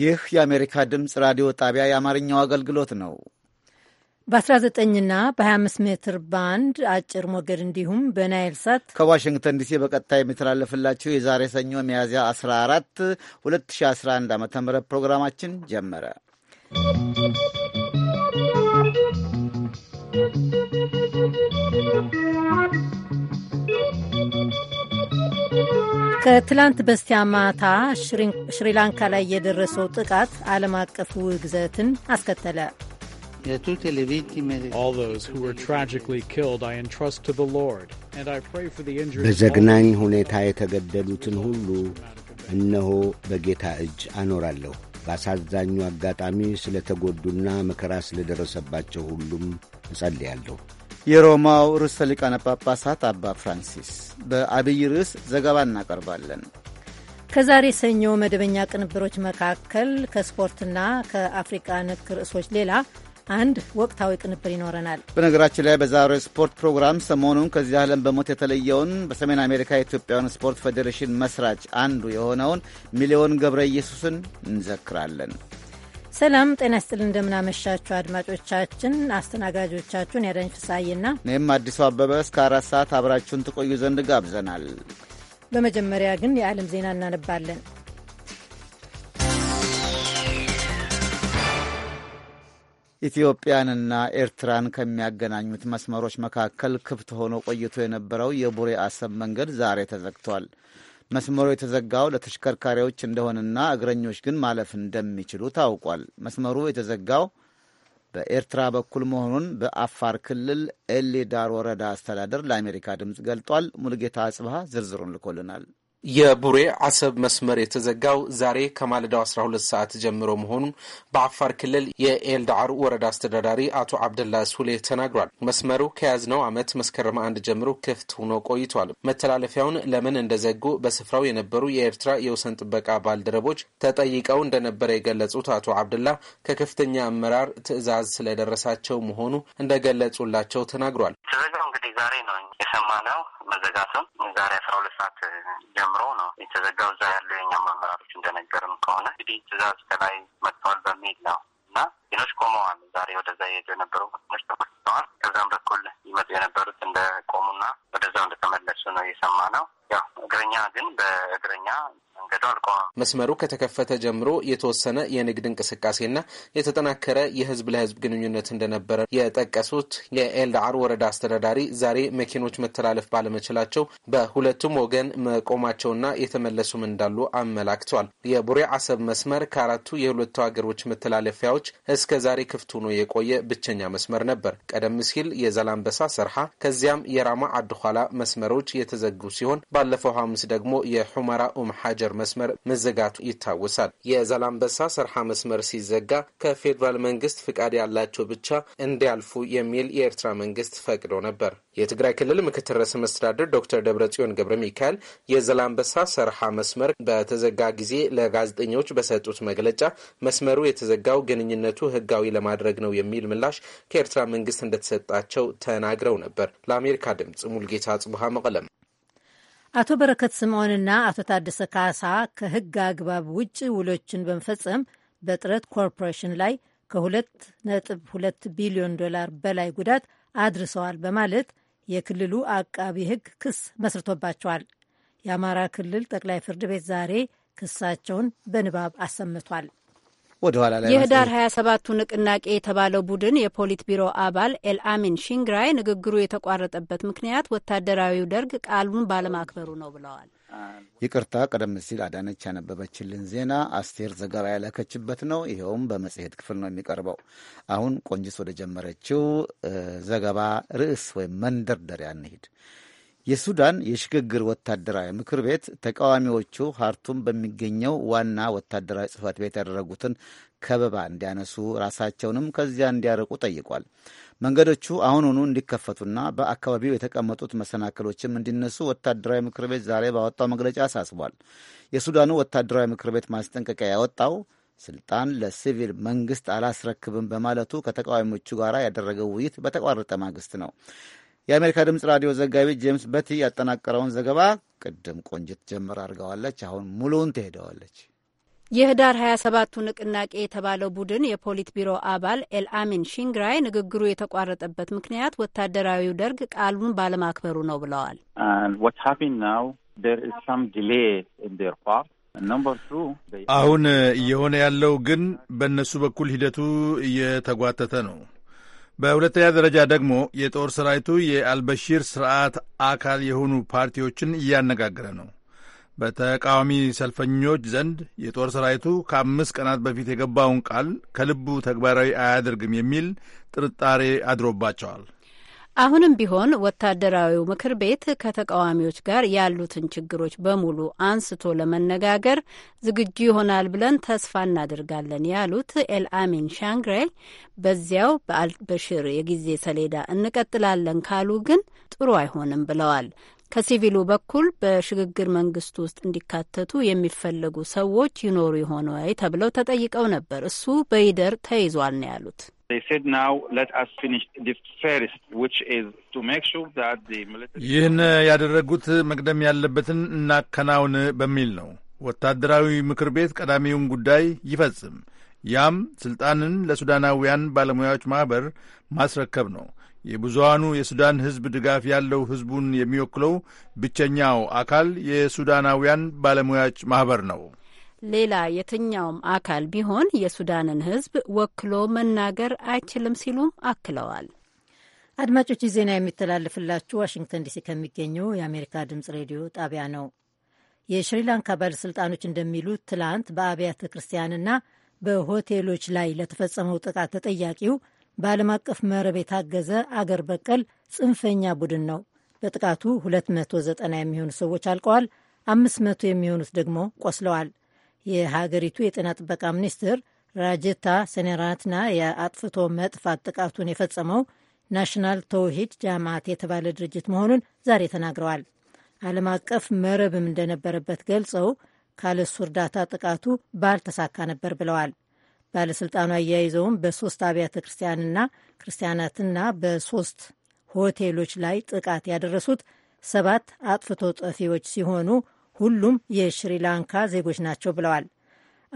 ይህ የአሜሪካ ድምፅ ራዲዮ ጣቢያ የአማርኛው አገልግሎት ነው። በ19ና በ25 ሜትር ባንድ አጭር ሞገድ እንዲሁም በናይል ሳት ከዋሽንግተን ዲሲ በቀጥታ የሚተላለፍላችሁ የዛሬ ሰኞ ሚያዝያ 14 2011 ዓ ም ፕሮግራማችን ጀመረ። ከትላንት በስቲያ ማታ ሽሪላንካ ላይ የደረሰው ጥቃት ዓለም አቀፍ ውግዘትን አስከተለ። በዘግናኝ ሁኔታ የተገደሉትን ሁሉ እነሆ በጌታ እጅ አኖራለሁ። በአሳዛኙ አጋጣሚ ስለተጎዱና መከራ ስለደረሰባቸው ሁሉም እጸልያለሁ። የሮማው ርዕሰ ሊቃነ ጳጳሳት አባ ፍራንሲስ በአብይ ርዕስ ዘገባ እናቀርባለን። ከዛሬ ሰኞ መደበኛ ቅንብሮች መካከል ከስፖርትና ከአፍሪቃ ነክ ርዕሶች ሌላ አንድ ወቅታዊ ቅንብር ይኖረናል። በነገራችን ላይ በዛሬው ስፖርት ፕሮግራም ሰሞኑን ከዚህ ዓለም በሞት የተለየውን በሰሜን አሜሪካ የኢትዮጵያውን ስፖርት ፌዴሬሽን መስራች አንዱ የሆነውን ሚሊዮን ገብረ ኢየሱስን እንዘክራለን። ሰላም ጤና ስጥል እንደምናመሻችሁ አድማጮቻችን። አስተናጋጆቻችሁን ያዳኝ ፍሳዬና እኔም አዲሱ አበበ እስከ አራት ሰዓት አብራችሁን ትቆዩ ዘንድ ጋብዘናል። በመጀመሪያ ግን የዓለም ዜና እናነባለን። ኢትዮጵያንና ኤርትራን ከሚያገናኙት መስመሮች መካከል ክፍት ሆኖ ቆይቶ የነበረው የቡሬ አሰብ መንገድ ዛሬ ተዘግቷል። መስመሩ የተዘጋው ለተሽከርካሪዎች እንደሆነና እግረኞች ግን ማለፍ እንደሚችሉ ታውቋል። መስመሩ የተዘጋው በኤርትራ በኩል መሆኑን በአፋር ክልል ኤሊዳር ወረዳ አስተዳደር ለአሜሪካ ድምፅ ገልጧል። ሙልጌታ አጽብሃ ዝርዝሩን ልኮልናል። የቡሬ አሰብ መስመር የተዘጋው ዛሬ ከማለዳው 12 ሰዓት ጀምሮ መሆኑን በአፋር ክልል የኤልዳዓር ወረዳ አስተዳዳሪ አቶ አብደላ ሱሌ ተናግሯል። መስመሩ ከያዝነው ዓመት መስከረም አንድ ጀምሮ ክፍት ሆኖ ቆይቷል። መተላለፊያውን ለምን እንደዘጉ በስፍራው የነበሩ የኤርትራ የወሰን ጥበቃ ባልደረቦች ተጠይቀው እንደነበረ የገለጹት አቶ አብደላ ከከፍተኛ አመራር ትዕዛዝ ስለደረሳቸው መሆኑ እንደገለጹላቸው ተናግሯል። እንግዲህ ዛሬ ነው የሰማነው መዘጋቱን ዛሬ ሁለት ሰዓት ጀምሮ ጀምሮ ነው የተዘጋው። እዛ ያለው የኛ መምህራኖች እንደነገርም ከሆነ እንግዲህ ትእዛዝ ከላይ መጥተዋል በሚል ነው እና ሌሎች ቆመዋል። ዛሬ ወደዛ የሄዱ የነበሩ ኖች ተመልሰዋል። ከዛም በኩል ይመጡ የነበሩት እንደ ቆሙና ወደዛው እንደተመለሱ ነው የሰማ ነው። ያው እግረኛ ግን በእግረኛ መንገዱ አልቆመም። መስመሩ ከተከፈተ ጀምሮ የተወሰነ የንግድ እንቅስቃሴና የተጠናከረ የህዝብ ለህዝብ ግንኙነት እንደነበረ የጠቀሱት የኤልዳአር ወረዳ አስተዳዳሪ ዛሬ መኪኖች መተላለፍ ባለመችላቸው በሁለቱም ወገን መቆማቸውና የተመለሱም እንዳሉ አመላክቷል። የቡሬ አሰብ መስመር ከአራቱ የሁለቱ ሀገሮች መተላለፊያዎች እስከ ዛሬ ክፍት ሆኖ የቆየ ብቸኛ መስመር ነበር። ቀደም ሲል የዘላንበሳ ሰርሃ ከዚያም የራማ አድኋላ መስመሮች የተዘጉ ሲሆን ባለፈው ሐሙስ ደግሞ የሑመራ ኡም ሐጀር መስመር መዘጋቱ ይታወሳል። የዛላምበሳ ሰርሓ መስመር ሲዘጋ ከፌዴራል መንግስት ፍቃድ ያላቸው ብቻ እንዲያልፉ የሚል የኤርትራ መንግስት ፈቅዶ ነበር። የትግራይ ክልል ምክትል ርዕሰ መስተዳደር ዶክተር ደብረጽዮን ገብረ ሚካኤል የዘላምበሳ ሰርሓ መስመር በተዘጋ ጊዜ ለጋዜጠኞች በሰጡት መግለጫ መስመሩ የተዘጋው ግንኙነቱ ህጋዊ ለማድረግ ነው የሚል ምላሽ ከኤርትራ መንግስት እንደተሰጣቸው ተናግረው ነበር። ለአሜሪካ ድምጽ ሙልጌታ ጽቡሃ መቀለም አቶ በረከት ስምዖንና አቶ ታደሰ ካሳ ከህግ አግባብ ውጭ ውሎችን በመፈጸም በጥረት ኮርፖሬሽን ላይ ከ2.2 ቢሊዮን ዶላር በላይ ጉዳት አድርሰዋል በማለት የክልሉ አቃቢ ህግ ክስ መስርቶባቸዋል። የአማራ ክልል ጠቅላይ ፍርድ ቤት ዛሬ ክሳቸውን በንባብ አሰምቷል። ወደ ኋላ ላይ የህዳር 27ቱ ንቅናቄ የተባለው ቡድን የፖሊት ቢሮ አባል ኤልአሚን ሺንግራይ ንግግሩ የተቋረጠበት ምክንያት ወታደራዊው ደርግ ቃሉን ባለማክበሩ ነው ብለዋል። ይቅርታ፣ ቀደም ሲል አዳነች ያነበበችልን ዜና አስቴር ዘገባ ያለከችበት ነው። ይኸውም በመጽሔት ክፍል ነው የሚቀርበው። አሁን ቆንጅስ ወደ ጀመረችው ዘገባ ርዕስ ወይም መንደርደሪያ እንሂድ። የሱዳን የሽግግር ወታደራዊ ምክር ቤት ተቃዋሚዎቹ ሃርቱም በሚገኘው ዋና ወታደራዊ ጽህፈት ቤት ያደረጉትን ከበባ እንዲያነሱ ራሳቸውንም ከዚያ እንዲያርቁ ጠይቋል። መንገዶቹ አሁኑኑ እንዲከፈቱና በአካባቢው የተቀመጡት መሰናክሎችም እንዲነሱ ወታደራዊ ምክር ቤት ዛሬ ባወጣው መግለጫ አሳስቧል። የሱዳኑ ወታደራዊ ምክር ቤት ማስጠንቀቂያ ያወጣው ስልጣን ለሲቪል መንግስት አላስረክብም በማለቱ ከተቃዋሚዎቹ ጋር ያደረገው ውይይት በተቋረጠ ማግስት ነው። የአሜሪካ ድምፅ ራዲዮ ዘጋቢ ጄምስ በቲ ያጠናቀረውን ዘገባ ቅድም ቆንጅት ጀምር አድርገዋለች። አሁን ሙሉውን ትሄደዋለች። የህዳር 27ቱ ንቅናቄ የተባለው ቡድን የፖሊት ቢሮ አባል ኤልአሚን ሺንግራይ ንግግሩ የተቋረጠበት ምክንያት ወታደራዊው ደርግ ቃሉን ባለማክበሩ ነው ብለዋል። አሁን እየሆነ ያለው ግን በእነሱ በኩል ሂደቱ እየተጓተተ ነው። በሁለተኛ ደረጃ ደግሞ የጦር ሰራዊቱ የአልበሺር ስርዓት አካል የሆኑ ፓርቲዎችን እያነጋገረ ነው። በተቃዋሚ ሰልፈኞች ዘንድ የጦር ሰራዊቱ ከአምስት ቀናት በፊት የገባውን ቃል ከልቡ ተግባራዊ አያደርግም የሚል ጥርጣሬ አድሮባቸዋል። አሁንም ቢሆን ወታደራዊው ምክር ቤት ከተቃዋሚዎች ጋር ያሉትን ችግሮች በሙሉ አንስቶ ለመነጋገር ዝግጁ ይሆናል ብለን ተስፋ እናደርጋለን ያሉት ኤልአሚን ሻንግሬ በዚያው በአልበሽር የጊዜ ሰሌዳ እንቀጥላለን ካሉ ግን ጥሩ አይሆንም ብለዋል። ከሲቪሉ በኩል በሽግግር መንግስት ውስጥ እንዲካተቱ የሚፈለጉ ሰዎች ይኖሩ ይሆን ወይ ተብለው ተጠይቀው ነበር። እሱ በይደር ተይዟል ነው ያሉት። ይህን ያደረጉት መቅደም ያለበትን እናከናውን በሚል ነው። ወታደራዊ ምክር ቤት ቀዳሚውን ጉዳይ ይፈጽም፣ ያም ስልጣንን ለሱዳናውያን ባለሙያዎች ማኅበር ማስረከብ ነው። የብዙሃኑ የሱዳን ሕዝብ ድጋፍ ያለው ሕዝቡን የሚወክለው ብቸኛው አካል የሱዳናውያን ባለሙያዎች ማኅበር ነው። ሌላ የትኛውም አካል ቢሆን የሱዳንን ሕዝብ ወክሎ መናገር አይችልም ሲሉም አክለዋል። አድማጮች ዜና የሚተላለፍላችሁ ዋሽንግተን ዲሲ ከሚገኘው የአሜሪካ ድምጽ ሬዲዮ ጣቢያ ነው። የሽሪላንካ ባለሥልጣኖች እንደሚሉት ትላንት በአብያተ ክርስቲያንና በሆቴሎች ላይ ለተፈጸመው ጥቃት ተጠያቂው በዓለም አቀፍ መረብ የታገዘ አገር በቀል ጽንፈኛ ቡድን ነው። በጥቃቱ 290 የሚሆኑ ሰዎች አልቀዋል፣ 500 የሚሆኑት ደግሞ ቆስለዋል። የሀገሪቱ የጤና ጥበቃ ሚኒስትር ራጀታ ሰኔራትና የአጥፍቶ መጥፋት ጥቃቱን የፈጸመው ናሽናል ተውሂድ ጃማት የተባለ ድርጅት መሆኑን ዛሬ ተናግረዋል። ዓለም አቀፍ መረብም እንደነበረበት ገልጸው ካለሱ እርዳታ ጥቃቱ ባልተሳካ ነበር ብለዋል። ባለሥልጣኑ አያይዘውም በሶስት አብያተ ክርስቲያንና ክርስቲያናትና በሶስት ሆቴሎች ላይ ጥቃት ያደረሱት ሰባት አጥፍቶ ጠፊዎች ሲሆኑ ሁሉም የሽሪላንካ ዜጎች ናቸው ብለዋል።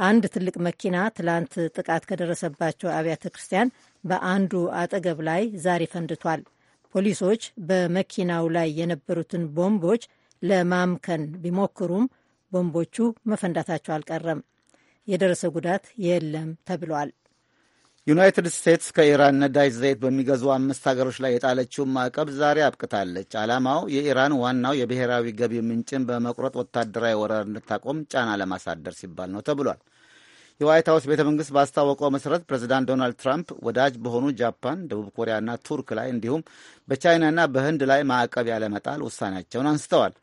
አንድ ትልቅ መኪና ትላንት ጥቃት ከደረሰባቸው አብያተ ክርስቲያን በአንዱ አጠገብ ላይ ዛሬ ፈንድቷል። ፖሊሶች በመኪናው ላይ የነበሩትን ቦምቦች ለማምከን ቢሞክሩም ቦምቦቹ መፈንዳታቸው አልቀረም። የደረሰ ጉዳት የለም ተብሏል። ዩናይትድ ስቴትስ ከኢራን ነዳጅ ዘይት በሚገዙ አምስት ሀገሮች ላይ የጣለችውን ማዕቀብ ዛሬ አብቅታለች። ዓላማው የኢራን ዋናው የብሔራዊ ገቢ ምንጭን በመቁረጥ ወታደራዊ ወረር እንድታቆም ጫና ለማሳደር ሲባል ነው ተብሏል። የዋይት ሀውስ ቤተ መንግስት ባስታወቀው መሠረት ፕሬዚዳንት ዶናልድ ትራምፕ ወዳጅ በሆኑ ጃፓን፣ ደቡብ ኮሪያና ቱርክ ላይ እንዲሁም በቻይናና በህንድ ላይ ማዕቀብ ያለመጣል ውሳኔያቸውን አንስተዋል።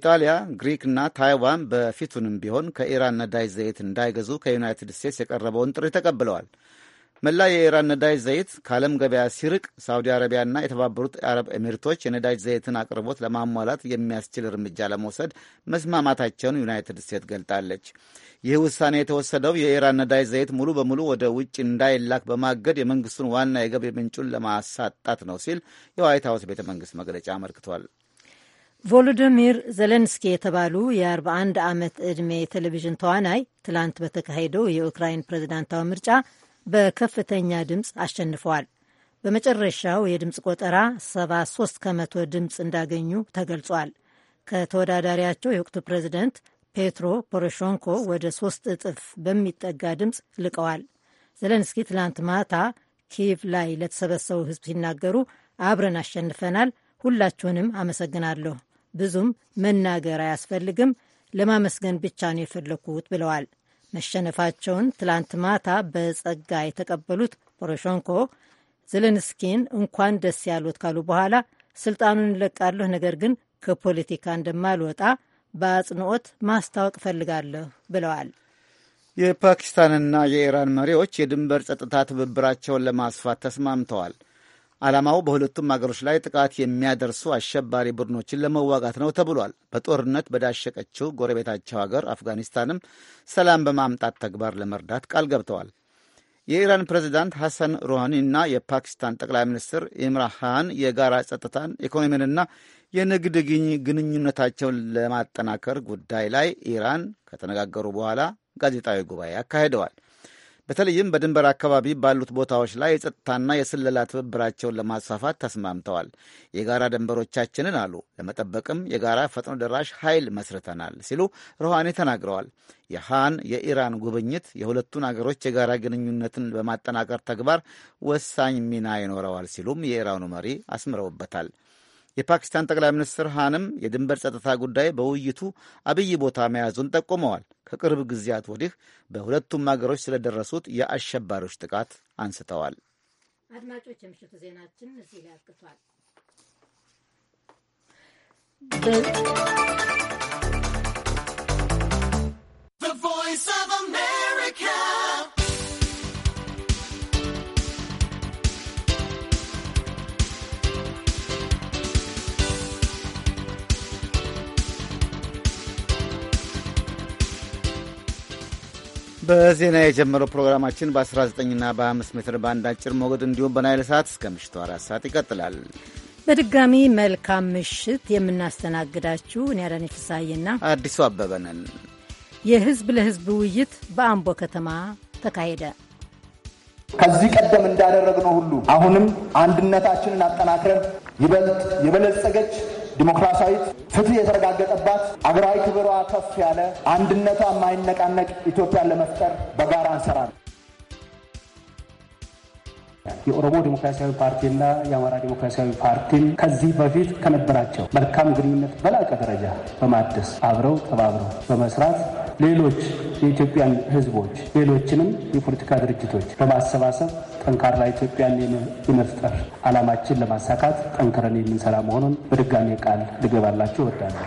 ኢጣሊያ፣ ግሪክና ታይዋን በፊቱንም ቢሆን ከኢራን ነዳጅ ዘይት እንዳይገዙ ከዩናይትድ ስቴትስ የቀረበውን ጥሪ ተቀብለዋል። መላ የኢራን ነዳጅ ዘይት ከዓለም ገበያ ሲርቅ ሳውዲ አረቢያና የተባበሩት አረብ ኤሚሪቶች የነዳጅ ዘይትን አቅርቦት ለማሟላት የሚያስችል እርምጃ ለመውሰድ መስማማታቸውን ዩናይትድ ስቴትስ ገልጣለች። ይህ ውሳኔ የተወሰደው የኢራን ነዳጅ ዘይት ሙሉ በሙሉ ወደ ውጭ እንዳይላክ በማገድ የመንግስቱን ዋና የገቢ ምንጩን ለማሳጣት ነው ሲል የዋይት ሀውስ ቤተ መንግስት መግለጫ አመልክቷል። ቮሎዲሚር ዘሌንስኪ የተባሉ የ41 ዓመት ዕድሜ ቴሌቪዥን ተዋናይ ትላንት በተካሄደው የዩክራይን ፕሬዝዳንታዊ ምርጫ በከፍተኛ ድምፅ አሸንፈዋል። በመጨረሻው የድምፅ ቆጠራ 73 ከመቶ ድምፅ እንዳገኙ ተገልጿል። ከተወዳዳሪያቸው የወቅቱ ፕሬዚደንት ፔትሮ ፖሮሾንኮ ወደ ሶስት እጥፍ በሚጠጋ ድምፅ ልቀዋል። ዘለንስኪ ትላንት ማታ ኪቭ ላይ ለተሰበሰቡ ሕዝብ ሲናገሩ አብረን አሸንፈናል፣ ሁላችሁንም አመሰግናለሁ፣ ብዙም መናገር አያስፈልግም፣ ለማመስገን ብቻ ነው የፈለግኩት ብለዋል። መሸነፋቸውን ትላንት ማታ በጸጋ የተቀበሉት ፖሮሾንኮ ዘለንስኪን እንኳን ደስ ያሉት ካሉ በኋላ ስልጣኑን እንለቃለሁ፣ ነገር ግን ከፖለቲካ እንደማልወጣ በአጽንኦት ማስታወቅ እፈልጋለሁ ብለዋል። የፓኪስታንና የኢራን መሪዎች የድንበር ጸጥታ ትብብራቸውን ለማስፋት ተስማምተዋል። ዓላማው በሁለቱም አገሮች ላይ ጥቃት የሚያደርሱ አሸባሪ ቡድኖችን ለመዋጋት ነው ተብሏል። በጦርነት በዳሸቀችው ጎረቤታቸው አገር አፍጋኒስታንም ሰላም በማምጣት ተግባር ለመርዳት ቃል ገብተዋል። የኢራን ፕሬዚዳንት ሐሰን እና የፓኪስታን ጠቅላይ ሚኒስትር ኢምራን የጋራ ጸጥታን፣ ኢኮኖሚንና የንግድ ግንኙነታቸውን ለማጠናከር ጉዳይ ላይ ኢራን ከተነጋገሩ በኋላ ጋዜጣዊ ጉባኤ አካሂደዋል። በተለይም በድንበር አካባቢ ባሉት ቦታዎች ላይ የጸጥታና የስለላ ትብብራቸውን ለማስፋፋት ተስማምተዋል። የጋራ ድንበሮቻችንን አሉ ለመጠበቅም የጋራ ፈጥኖ ደራሽ ኃይል መስርተናል ሲሉ ሩሃኒ ተናግረዋል። የሃን የኢራን ጉብኝት የሁለቱን አገሮች የጋራ ግንኙነትን በማጠናከር ተግባር ወሳኝ ሚና ይኖረዋል ሲሉም የኢራኑ መሪ አስምረውበታል። የፓኪስታን ጠቅላይ ሚኒስትር ሃንም የድንበር ጸጥታ ጉዳይ በውይይቱ አብይ ቦታ መያዙን ጠቁመዋል። ከቅርብ ጊዜያት ወዲህ በሁለቱም አገሮች ስለደረሱት የአሸባሪዎች ጥቃት አንስተዋል። አድማጮች፣ የምሽቱ ዜናችን እዚህ ላይ አብቅቷል። The Voice of America በዜና የጀመረው ፕሮግራማችን በ19ና በ5 ሜትር ባንድ አጭር ሞገድ እንዲሁም በናይል ሰዓት እስከ ምሽቱ አራት ሰዓት ይቀጥላል። በድጋሚ መልካም ምሽት። የምናስተናግዳችሁ እኔ አዳነች ፍስሐዬና አዲሱ አበበ ነን። የህዝብ ለህዝብ ውይይት በአምቦ ከተማ ተካሄደ። ከዚህ ቀደም እንዳደረግነው ሁሉ አሁንም አንድነታችንን አጠናክረን ይበልጥ የበለጸገች ዲሞክራሲያዊት፣ ፍትህ የተረጋገጠባት፣ አገራዊ ክብሯ ከፍ ያለ፣ አንድነቷ የማይነቃነቅ ኢትዮጵያን ለመፍጠር በጋራ እንሰራለን። የኦሮሞ ዴሞክራሲያዊ ፓርቲና የአማራ ዴሞክራሲያዊ ፓርቲን ከዚህ በፊት ከነበራቸው መልካም ግንኙነት በላቀ ደረጃ በማደስ አብረው ተባብረው በመስራት ሌሎች የኢትዮጵያን ሕዝቦች ሌሎችንም የፖለቲካ ድርጅቶች በማሰባሰብ ጠንካራ ኢትዮጵያን የመፍጠር ዓላማችን ለማሳካት ጠንክረን የምንሰራ መሆኑን በድጋሚ ቃል ልገባላችሁ እወዳለሁ።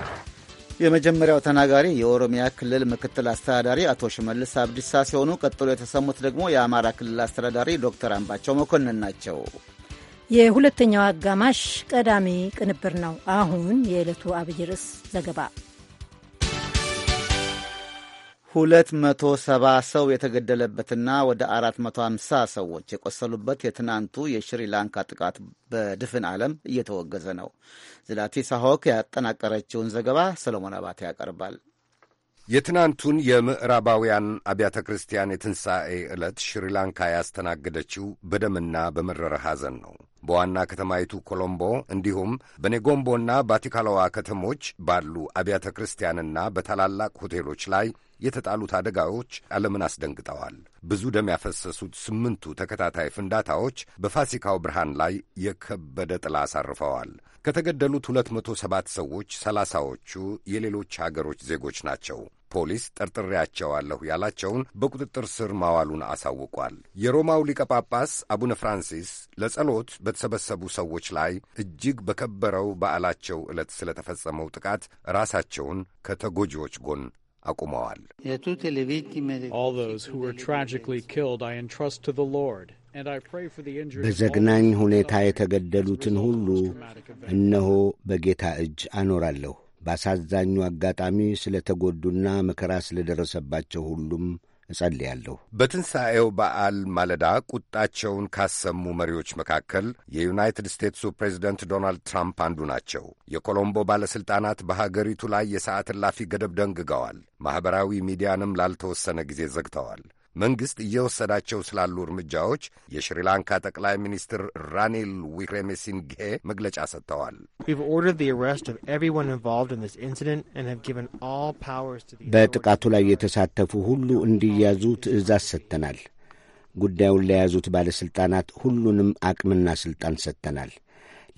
የመጀመሪያው ተናጋሪ የኦሮሚያ ክልል ምክትል አስተዳዳሪ አቶ ሽመልስ አብዲሳ ሲሆኑ ቀጥሎ የተሰሙት ደግሞ የአማራ ክልል አስተዳዳሪ ዶክተር አምባቸው መኮንን ናቸው። የሁለተኛው አጋማሽ ቀዳሚ ቅንብር ነው። አሁን የዕለቱ አብይ ርዕስ ዘገባ መቶ ሰባ ሰው የተገደለበትና ወደ አራት መቶ 450 ሰዎች የቆሰሉበት የትናንቱ የሽሪላንካ ጥቃት በድፍን ዓለም እየተወገዘ ነው። ዝላቲ ሳሆክ ያጠናቀረችውን ዘገባ ሰለሞን አባቴ ያቀርባል። የትናንቱን የምዕራባውያን አብያተ ክርስቲያን የትንሣኤ ዕለት ሽሪላንካ ያስተናገደችው በደምና በመረረ ሐዘን ነው። በዋና ከተማይቱ ኮሎምቦ እንዲሁም በኔጎምቦና ባቲካላዋ ከተሞች ባሉ አብያተ ክርስቲያንና በታላላቅ ሆቴሎች ላይ የተጣሉት አደጋዎች ዓለምን አስደንግጠዋል። ብዙ ደም ያፈሰሱት ስምንቱ ተከታታይ ፍንዳታዎች በፋሲካው ብርሃን ላይ የከበደ ጥላ አሳርፈዋል። ከተገደሉት 207 ሰዎች 30ዎቹ የሌሎች አገሮች ዜጎች ናቸው። ፖሊስ ጠርጥሬያቸዋለሁ ያላቸውን በቁጥጥር ስር ማዋሉን አሳውቋል። የሮማው ሊቀ ጳጳስ አቡነ ፍራንሲስ ለጸሎት በተሰበሰቡ ሰዎች ላይ እጅግ በከበረው በዓላቸው ዕለት ስለተፈጸመው ጥቃት ራሳቸውን ከተጎጂዎች ጎን አቁመዋል። በዘግናኝ ሁኔታ የተገደሉትን ሁሉ እነሆ በጌታ እጅ አኖራለሁ በአሳዛኙ አጋጣሚ ስለተጎዱና መከራ ስለደረሰባቸው ሁሉም እጸልያለሁ። በትንሣኤው በዓል ማለዳ ቁጣቸውን ካሰሙ መሪዎች መካከል የዩናይትድ ስቴትሱ ፕሬዚደንት ዶናልድ ትራምፕ አንዱ ናቸው። የኮሎምቦ ባለሥልጣናት በሀገሪቱ ላይ የሰዓት እላፊ ገደብ ደንግገዋል። ማኅበራዊ ሚዲያንም ላልተወሰነ ጊዜ ዘግተዋል። መንግሥት እየወሰዳቸው ስላሉ እርምጃዎች የሽሪላንካ ጠቅላይ ሚኒስትር ራኒል ዊክሬሜሲንጌ መግለጫ ሰጥተዋል። በጥቃቱ ላይ የተሳተፉ ሁሉ እንዲያዙ ትዕዛዝ ሰጥተናል። ጉዳዩን ለያዙት ባለሥልጣናት ሁሉንም አቅምና ሥልጣን ሰጥተናል።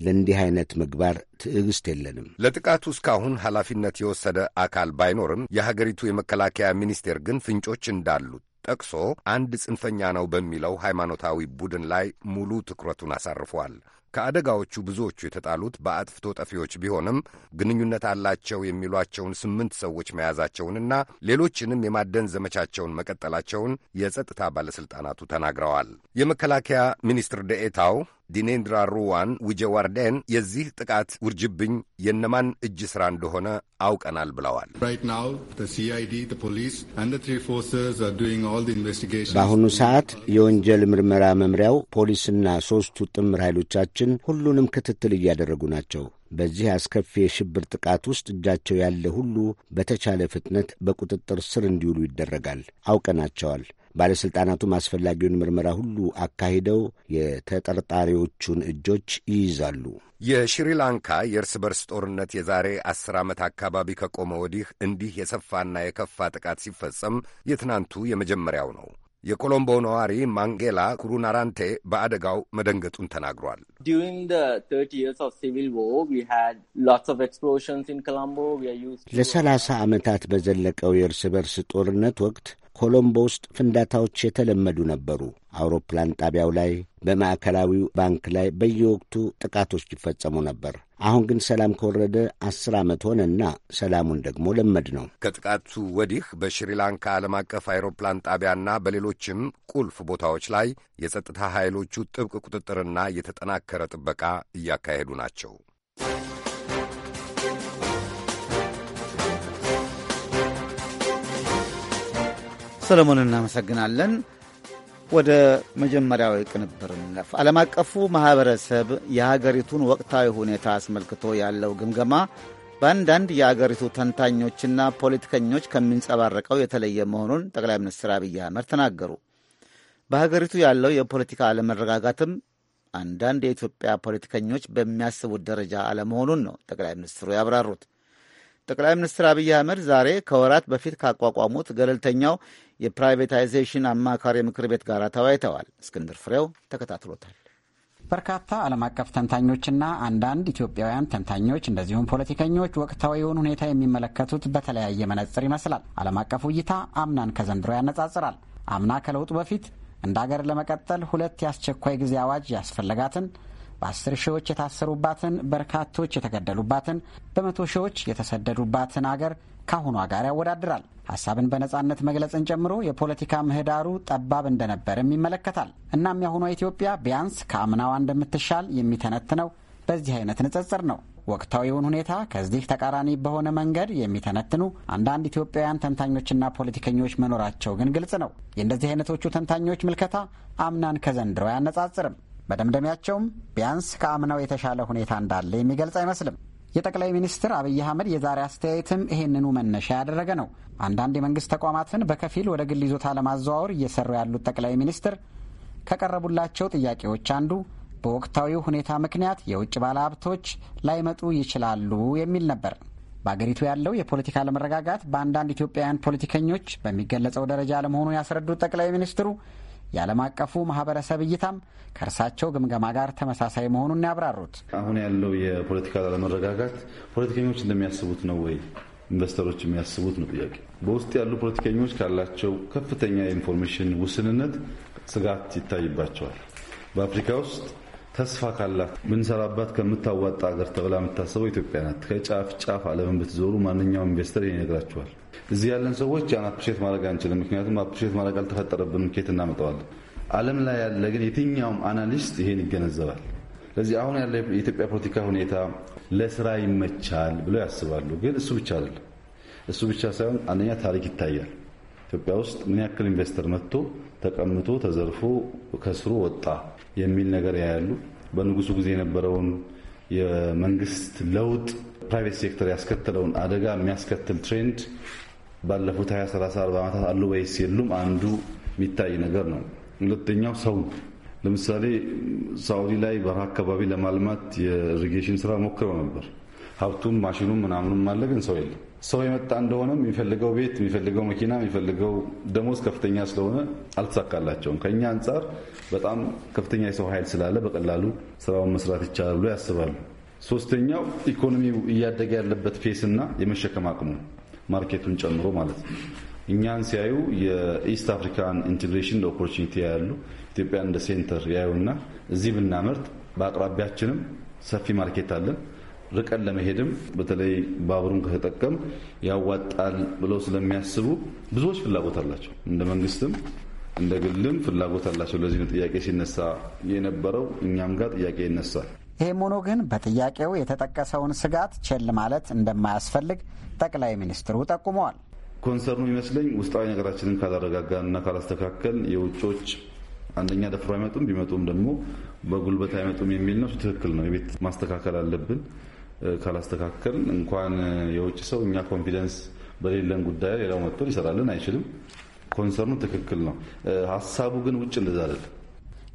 ለእንዲህ አይነት ምግባር ትዕግሥት የለንም። ለጥቃቱ እስካሁን ኃላፊነት የወሰደ አካል ባይኖርም የሀገሪቱ የመከላከያ ሚኒስቴር ግን ፍንጮች እንዳሉት ጠቅሶ አንድ ጽንፈኛ ነው በሚለው ሃይማኖታዊ ቡድን ላይ ሙሉ ትኩረቱን አሳርፏል። ከአደጋዎቹ ብዙዎቹ የተጣሉት በአጥፍቶ ጠፊዎች ቢሆንም ግንኙነት አላቸው የሚሏቸውን ስምንት ሰዎች መያዛቸውንና ሌሎችንም የማደን ዘመቻቸውን መቀጠላቸውን የጸጥታ ባለሥልጣናቱ ተናግረዋል። የመከላከያ ሚኒስትር ደኤታው ዲኔንድራ ሩዋን ዊጀዋርዴን የዚህ ጥቃት ውርጅብኝ የነማን እጅ ሥራ እንደሆነ አውቀናል ብለዋል። በአሁኑ ሰዓት የወንጀል ምርመራ መምሪያው ፖሊስና ሦስቱ ጥምር ኃይሎቻችን ሁሉንም ክትትል እያደረጉ ናቸው። በዚህ አስከፊ የሽብር ጥቃት ውስጥ እጃቸው ያለ ሁሉ በተቻለ ፍጥነት በቁጥጥር ስር እንዲውሉ ይደረጋል። አውቀናቸዋል። ባለሥልጣናቱም አስፈላጊውን ምርመራ ሁሉ አካሂደው የተጠርጣሪዎቹን እጆች ይይዛሉ። የሽሪላንካ የእርስ በርስ ጦርነት የዛሬ አስር ዓመት አካባቢ ከቆመ ወዲህ እንዲህ የሰፋና የከፋ ጥቃት ሲፈጸም የትናንቱ የመጀመሪያው ነው። የኮሎምቦ ነዋሪ ማንጌላ ኩሩናራንቴ በአደጋው መደንገጡን ተናግሯል። ለሰላሳ ዓመታት በዘለቀው የእርስ በርስ ጦርነት ወቅት ኮሎምቦ ውስጥ ፍንዳታዎች የተለመዱ ነበሩ። አውሮፕላን ጣቢያው ላይ፣ በማዕከላዊው ባንክ ላይ በየወቅቱ ጥቃቶች ይፈጸሙ ነበር። አሁን ግን ሰላም ከወረደ አስር ዓመት ሆነና ሰላሙን ደግሞ ለመድ ነው። ከጥቃቱ ወዲህ በሽሪላንካ ዓለም አቀፍ አይሮፕላን ጣቢያና በሌሎችም ቁልፍ ቦታዎች ላይ የጸጥታ ኃይሎቹ ጥብቅ ቁጥጥርና የተጠናከረ ጥበቃ እያካሄዱ ናቸው። ሰለሞን እናመሰግናለን። ወደ መጀመሪያዊ ቅንብር እንለፍ። ዓለም አቀፉ ማኅበረሰብ የሀገሪቱን ወቅታዊ ሁኔታ አስመልክቶ ያለው ግምገማ በአንዳንድ የአገሪቱ ተንታኞችና ፖለቲከኞች ከሚንጸባረቀው የተለየ መሆኑን ጠቅላይ ሚኒስትር አብይ አህመድ ተናገሩ። በሀገሪቱ ያለው የፖለቲካ አለመረጋጋትም አንዳንድ የኢትዮጵያ ፖለቲከኞች በሚያስቡት ደረጃ አለመሆኑን ነው ጠቅላይ ሚኒስትሩ ያብራሩት። ጠቅላይ ሚኒስትር አብይ አህመድ ዛሬ ከወራት በፊት ካቋቋሙት ገለልተኛው የፕራይቬታይዜሽን አማካሪ ምክር ቤት ጋር ተወያይተዋል። እስክንድር ፍሬው ተከታትሎታል። በርካታ ዓለም አቀፍ ተንታኞችና አንዳንድ ኢትዮጵያውያን ተንታኞች እንደዚሁም ፖለቲከኞች ወቅታዊውን ሁኔታ የሚመለከቱት በተለያየ መነጽር ይመስላል። ዓለም አቀፉ እይታ አምናን ከዘንድሮ ያነጻጽራል። አምና ከለውጡ በፊት እንደ አገር ለመቀጠል ሁለት የአስቸኳይ ጊዜ አዋጅ ያስፈለጋትን በአስር ሺዎች የታሰሩባትን፣ በርካቶች የተገደሉባትን፣ በመቶ ሺዎች የተሰደዱባትን አገር ከአሁኗ ጋር ያወዳድራል። ሀሳብን በነጻነት መግለጽን ጨምሮ የፖለቲካ ምህዳሩ ጠባብ እንደነበርም ይመለከታል። እናም የአሁኗ ኢትዮጵያ ቢያንስ ከአምናዋ እንደምትሻል የሚተነትነው በዚህ አይነት ንጽጽር ነው። ወቅታዊውን ሁኔታ ከዚህ ተቃራኒ በሆነ መንገድ የሚተነትኑ አንዳንድ ኢትዮጵያውያን ተንታኞችና ፖለቲከኞች መኖራቸው ግን ግልጽ ነው። የእንደዚህ አይነቶቹ ተንታኞች ምልከታ አምናን ከዘንድሮ አያነጻጽርም። መደምደሚያቸውም ቢያንስ ከአምናው የተሻለ ሁኔታ እንዳለ የሚገልጽ አይመስልም። የጠቅላይ ሚኒስትር አብይ አህመድ የዛሬ አስተያየትም ይህንኑ መነሻ ያደረገ ነው። አንዳንድ የመንግስት ተቋማትን በከፊል ወደ ግል ይዞታ ለማዘዋወር እየሰሩ ያሉት ጠቅላይ ሚኒስትር ከቀረቡላቸው ጥያቄዎች አንዱ በወቅታዊው ሁኔታ ምክንያት የውጭ ባለሀብቶች ላይመጡ ይችላሉ የሚል ነበር። በአገሪቱ ያለው የፖለቲካ አለመረጋጋት በአንዳንድ ኢትዮጵያውያን ፖለቲከኞች በሚገለጸው ደረጃ አለመሆኑን ያስረዱት ጠቅላይ ሚኒስትሩ የዓለም አቀፉ ማህበረሰብ እይታም ከእርሳቸው ግምገማ ጋር ተመሳሳይ መሆኑን ያብራሩት አሁን ያለው የፖለቲካ አለመረጋጋት ፖለቲከኞች እንደሚያስቡት ነው ወይ ኢንቨስተሮች የሚያስቡት ነው ጥያቄ። በውስጥ ያሉ ፖለቲከኞች ካላቸው ከፍተኛ የኢንፎርሜሽን ውስንነት ስጋት ይታይባቸዋል። በአፍሪካ ውስጥ ተስፋ ካላት ብንሰራባት ከምታዋጣ ሀገር ተብላ የምታሰበው ኢትዮጵያ ናት። ከጫፍ ጫፍ ዓለምን ብትዞሩ ማንኛውም ኢንቨስተር ይነግራቸዋል። እዚህ ያለን ሰዎች ያን አፕሪሼት ማድረግ አንችልም። ምክንያቱም አፕሪሼት ማድረግ አልተፈጠረብንም፣ ኬት እናመጣዋለን። ዓለም ላይ ያለ ግን የትኛውም አናሊስት ይሄን ይገነዘባል። ስለዚህ አሁን ያለ የኢትዮጵያ ፖለቲካ ሁኔታ ለስራ ይመቻል ብለው ያስባሉ። ግን እሱ ብቻ አይደለም። እሱ ብቻ ሳይሆን አንደኛ ታሪክ ይታያል። ኢትዮጵያ ውስጥ ምን ያክል ኢንቨስተር መጥቶ ተቀምቶ ተዘርፎ ከስሩ ወጣ የሚል ነገር ያያሉ። በንጉሱ ጊዜ የነበረውን የመንግስት ለውጥ ፕራይቬት ሴክተር ያስከተለውን አደጋ የሚያስከትል ትሬንድ ባለፉት 20 30 40 ዓመታት አሉ ወይስ የሉም? አንዱ የሚታይ ነገር ነው። ሁለተኛው ሰው ለምሳሌ ሳውዲ ላይ በረሃ አካባቢ ለማልማት የኢሪጌሽን ስራ ሞክረው ነበር። ሀብቱም ማሽኑም ምናምኑም አለ፣ ግን ሰው የለም። ሰው የመጣ እንደሆነም የሚፈልገው ቤት፣ የሚፈልገው መኪና፣ የሚፈልገው ደሞዝ ከፍተኛ ስለሆነ አልተሳካላቸውም። ከእኛ አንጻር በጣም ከፍተኛ የሰው ኃይል ስላለ በቀላሉ ስራውን መስራት ይቻላል ብሎ ያስባሉ። ሶስተኛው ኢኮኖሚው እያደገ ያለበት ፌስና የመሸከም አቅሙ ማርኬቱን ጨምሮ ማለት ነው። እኛን ሲያዩ የኢስት አፍሪካን ኢንቴግሬሽን ኦፖርቹኒቲ ያሉ ኢትዮጵያን እንደ ሴንተር ያዩና እዚህ ብናመርት በአቅራቢያችንም ሰፊ ማርኬት አለን፣ ርቀን ለመሄድም በተለይ ባቡሩን ከተጠቀም ያዋጣል ብለው ስለሚያስቡ ብዙዎች ፍላጎት አላቸው። እንደ መንግስትም እንደ ግልም ፍላጎት አላቸው። ለዚህ ጥያቄ ሲነሳ የነበረው፣ እኛም ጋር ጥያቄ ይነሳል። ይህም ሆኖ ግን በጥያቄው የተጠቀሰውን ስጋት ቸል ማለት እንደማያስፈልግ ጠቅላይ ሚኒስትሩ ጠቁመዋል። ኮንሰርኑ ይመስለኝ ውስጣዊ ነገራችንን ካላረጋጋንና ካላስተካከል የውጮች አንደኛ ደፍሮ አይመጡም፣ ቢመጡም ደግሞ በጉልበት አይመጡም የሚል ነው። ትክክል ነው። የቤት ማስተካከል አለብን። ካላስተካከል እንኳን የውጭ ሰው እኛ ኮንፊደንስ በሌለን ጉዳይ ሌላው መጥቶ ሊሰራልን አይችልም። ኮንሰርኑ ትክክል ነው። ሀሳቡ ግን ውጭ እንደዛ አይደለም።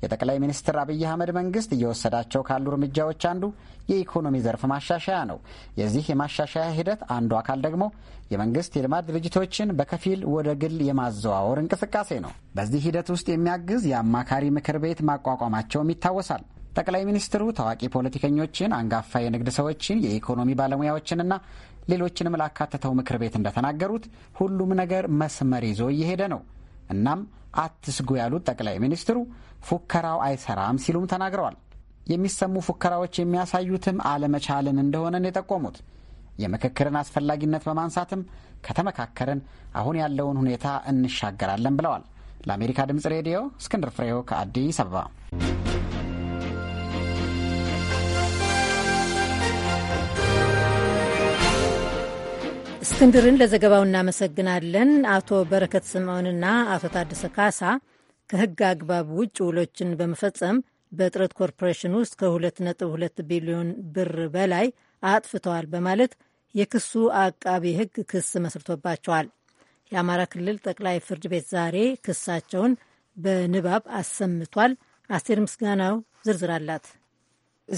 የጠቅላይ ሚኒስትር አብይ አህመድ መንግስት እየወሰዳቸው ካሉ እርምጃዎች አንዱ የኢኮኖሚ ዘርፍ ማሻሻያ ነው። የዚህ የማሻሻያ ሂደት አንዱ አካል ደግሞ የመንግስት የልማት ድርጅቶችን በከፊል ወደ ግል የማዘዋወር እንቅስቃሴ ነው። በዚህ ሂደት ውስጥ የሚያግዝ የአማካሪ ምክር ቤት ማቋቋማቸውም ይታወሳል። ጠቅላይ ሚኒስትሩ ታዋቂ ፖለቲከኞችን፣ አንጋፋ የንግድ ሰዎችን፣ የኢኮኖሚ ባለሙያዎችንና ሌሎችንም ላካተተው ምክር ቤት እንደተናገሩት ሁሉም ነገር መስመር ይዞ እየሄደ ነው። እናም አትስጉ ያሉት ጠቅላይ ሚኒስትሩ ፉከራው አይሰራም ሲሉም ተናግረዋል። የሚሰሙ ፉከራዎች የሚያሳዩትም አለመቻልን እንደሆነን የጠቆሙት የምክክርን አስፈላጊነት በማንሳትም ከተመካከርን አሁን ያለውን ሁኔታ እንሻገራለን ብለዋል። ለአሜሪካ ድምፅ ሬዲዮ እስክንድር ፍሬው ከአዲስ አበባ እስክንድርን ለዘገባው እናመሰግናለን። አቶ በረከት ስምዖንና አቶ ታደሰ ካሳ ከህግ አግባብ ውጭ ውሎችን በመፈጸም በጥረት ኮርፖሬሽን ውስጥ ከ2.2 ቢሊዮን ብር በላይ አጥፍተዋል በማለት የክሱ አቃቢ ህግ ክስ መስርቶባቸዋል። የአማራ ክልል ጠቅላይ ፍርድ ቤት ዛሬ ክሳቸውን በንባብ አሰምቷል። አስቴር ምስጋናው ዝርዝር አላት።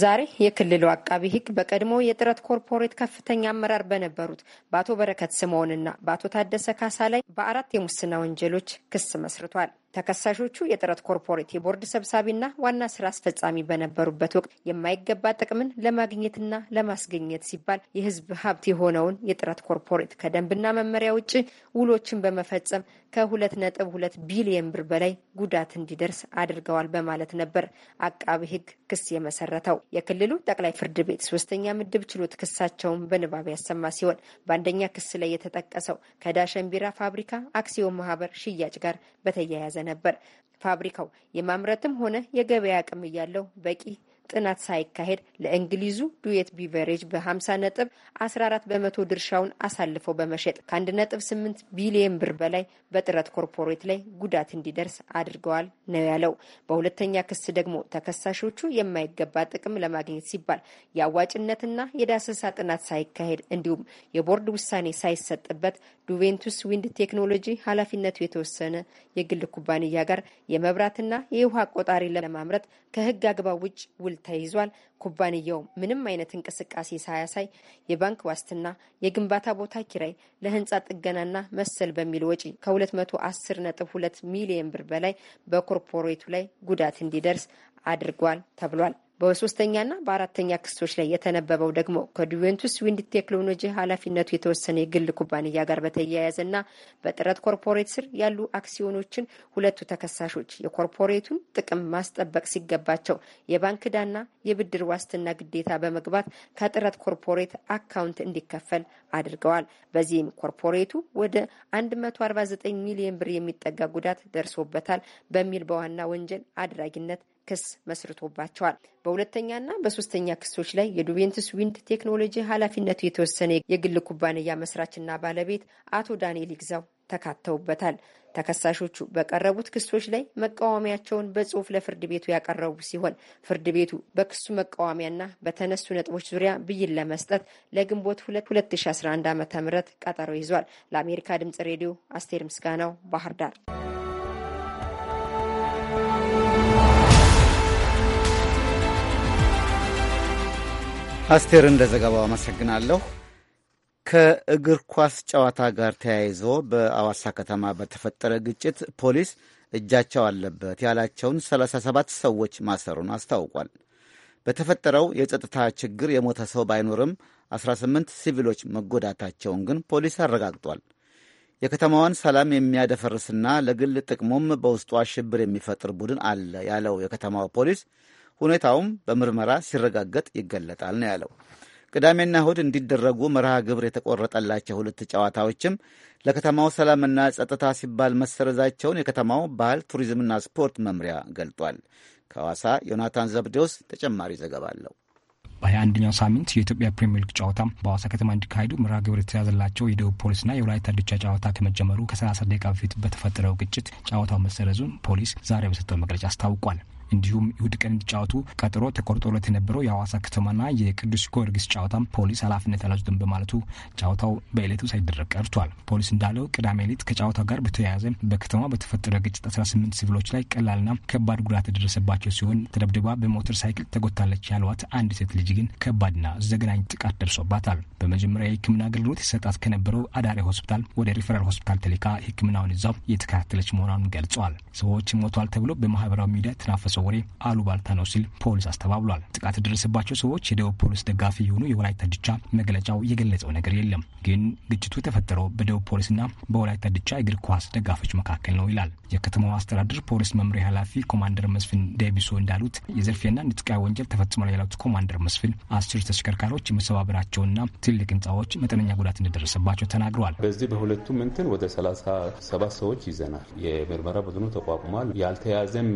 ዛሬ የክልሉ አቃቢ ሕግ በቀድሞ የጥረት ኮርፖሬት ከፍተኛ አመራር በነበሩት በአቶ በረከት ስምኦንና በአቶ ታደሰ ካሳ ላይ በአራት የሙስና ወንጀሎች ክስ መስርቷል። ተከሳሾቹ የጥረት ኮርፖሬት የቦርድ ሰብሳቢና ዋና ስራ አስፈጻሚ በነበሩበት ወቅት የማይገባ ጥቅምን ለማግኘትና ለማስገኘት ሲባል የህዝብ ሀብት የሆነውን የጥረት ኮርፖሬት ከደንብና መመሪያ ውጭ ውሎችን በመፈጸም ከሁለት ነጥብ ሁለት ቢሊየን ብር በላይ ጉዳት እንዲደርስ አድርገዋል በማለት ነበር አቃቢ ህግ ክስ የመሰረተው። የክልሉ ጠቅላይ ፍርድ ቤት ሶስተኛ ምድብ ችሎት ክሳቸውን በንባብ ያሰማ ሲሆን በአንደኛ ክስ ላይ የተጠቀሰው ከዳሸን ቢራ ፋብሪካ አክሲዮን ማህበር ሽያጭ ጋር በተያያዘ ነበር። ፋብሪካው የማምረትም ሆነ የገበያ አቅም እያለው በቂ ጥናት ሳይካሄድ ለእንግሊዙ ዱዌት ቢቨሬጅ በ50 ነጥብ 14 በመቶ ድርሻውን አሳልፈው በመሸጥ ከ1.8 ቢሊየን ብር በላይ በጥረት ኮርፖሬት ላይ ጉዳት እንዲደርስ አድርገዋል ነው ያለው። በሁለተኛ ክስ ደግሞ ተከሳሾቹ የማይገባ ጥቅም ለማግኘት ሲባል የአዋጭነትና የዳሰሳ ጥናት ሳይካሄድ እንዲሁም የቦርድ ውሳኔ ሳይሰጥበት ዱቬንቱስ ዊንድ ቴክኖሎጂ ኃላፊነቱ የተወሰነ የግል ኩባንያ ጋር የመብራትና የውሃ ቆጣሪ ለማምረት ከህግ አግባብ ውጭ ውል ተይዟል። ኩባንያው ምንም አይነት እንቅስቃሴ ሳያሳይ የባንክ ዋስትና፣ የግንባታ ቦታ ኪራይ፣ ለህንፃ ጥገናና መሰል በሚል ወጪ ከ210.2 ሚሊየን ብር በላይ በኮርፖሬቱ ላይ ጉዳት እንዲደርስ አድርጓል ተብሏል። በሶስተኛና በአራተኛ ክሶች ላይ የተነበበው ደግሞ ከዱቬንቱስ ዊንድ ቴክኖሎጂ ኃላፊነቱ የተወሰነ የግል ኩባንያ ጋር በተያያዘና በጥረት ኮርፖሬት ስር ያሉ አክሲዮኖችን ሁለቱ ተከሳሾች የኮርፖሬቱን ጥቅም ማስጠበቅ ሲገባቸው የባንክ ዕዳና የብድር ዋስትና ግዴታ በመግባት ከጥረት ኮርፖሬት አካውንት እንዲከፈል አድርገዋል። በዚህም ኮርፖሬቱ ወደ 149 ሚሊዮን ብር የሚጠጋ ጉዳት ደርሶበታል በሚል በዋና ወንጀል አድራጊነት ክስ መስርቶባቸዋል። በሁለተኛና በሶስተኛ ክሶች ላይ የዱቬንትስ ዊንድ ቴክኖሎጂ ኃላፊነቱ የተወሰነ የግል ኩባንያ መስራችና ባለቤት አቶ ዳንኤል ይግዛው ተካተውበታል። ተከሳሾቹ በቀረቡት ክሶች ላይ መቃወሚያቸውን በጽሁፍ ለፍርድ ቤቱ ያቀረቡ ሲሆን ፍርድ ቤቱ በክሱ መቃወሚያና በተነሱ ነጥቦች ዙሪያ ብይን ለመስጠት ለግንቦት 2011 ዓ ም ቀጠሮ ይዟል። ለአሜሪካ ድምጽ ሬዲዮ አስቴር ምስጋናው ባህር ዳር አስቴር እንደ ዘገባው አመሰግናለሁ። ከእግር ኳስ ጨዋታ ጋር ተያይዞ በአዋሳ ከተማ በተፈጠረ ግጭት ፖሊስ እጃቸው አለበት ያላቸውን 37 ሰዎች ማሰሩን አስታውቋል። በተፈጠረው የጸጥታ ችግር የሞተ ሰው ባይኖርም 18 ሲቪሎች መጎዳታቸውን ግን ፖሊስ አረጋግጧል። የከተማዋን ሰላም የሚያደፈርስና ለግል ጥቅሙም በውስጧ ሽብር የሚፈጥር ቡድን አለ ያለው የከተማው ፖሊስ ሁኔታውም በምርመራ ሲረጋገጥ ይገለጣል ነው ያለው። ቅዳሜና እሁድ እንዲደረጉ መርሃ ግብር የተቆረጠላቸው ሁለት ጨዋታዎችም ለከተማው ሰላምና ጸጥታ ሲባል መሰረዛቸውን የከተማው ባህል ቱሪዝምና ስፖርት መምሪያ ገልጧል። ከሐዋሳ ዮናታን ዘብዴዎስ ተጨማሪ ዘገባ አለው። በ21ኛው ሳምንት የኢትዮጵያ ፕሪምየር ሊግ ጨዋታ በሐዋሳ ከተማ እንዲካሄዱ መርሃ ግብር የተያዘላቸው የደቡብ ፖሊስና የወላይታ ድቻ ጨዋታ ከመጀመሩ ከ30 ደቂቃ በፊት በተፈጠረው ግጭት ጨዋታው መሰረዙን ፖሊስ ዛሬ በሰጠው መግለጫ አስታውቋል። እንዲሁም እሁድ ቀን እንዲጫወቱ ቀጠሮ ተቆርጦለት የነበረው የአዋሳ ከተማና የቅዱስ ጊዮርጊስ ጨዋታ ፖሊስ ኃላፊነት አልወሰደም በማለቱ ጨዋታው በዕለቱ ሳይደረግ ቀርቷል። ፖሊስ እንዳለው ቅዳሜ ዕለት ከጨዋታው ጋር በተያያዘ በከተማ በተፈጠረ ግጭት 18 ሲቪሎች ላይ ቀላልና ከባድ ጉዳት የደረሰባቸው ሲሆን ተደብድባ በሞተር ሳይክል ተጎታለች ያሏት አንድ ሴት ልጅ ግን ከባድና ዘግናኝ ጥቃት ደርሶባታል። በመጀመሪያ የሕክምና አገልግሎት የሰጣት ከነበረው አዳሪ ሆስፒታል ወደ ሪፈራል ሆስፒታል ተልካ ሕክምናውን እዛው የተከታተለች መሆኗን ገልጸዋል። ሰዎች ሞቷል ተብሎ በማህበራዊ ሚዲያ ተናፈሰው የሚሰራጨው ወሬ አሉባልታ ነው ሲል ፖሊስ አስተባብሏል። ጥቃት የደረሰባቸው ሰዎች የደቡብ ፖሊስ ደጋፊ የሆኑ የወላይታ ድቻ መግለጫው የገለጸው ነገር የለም። ግን ግጭቱ የተፈጠረው በደቡብ ፖሊስና በወላይታ ድቻ እግር ኳስ ደጋፊዎች መካከል ነው ይላል። የከተማው አስተዳደር ፖሊስ መምሪያ ኃላፊ ኮማንደር መስፍን ደቢሶ እንዳሉት የዘርፌና ንጥቂያ ወንጀል ተፈጽሟል ያሉት ኮማንደር መስፍን አስር ተሽከርካሪዎች መሰባበራቸውና ትልቅ ህንፃዎች መጠነኛ ጉዳት እንደደረሰባቸው ተናግረዋል። በዚህ በሁለቱም እንትን ወደ ሰላሳ ሰባት ሰዎች ይዘናል። የምርመራ ቡድኑ ተቋቁሟል። ያልተያዘም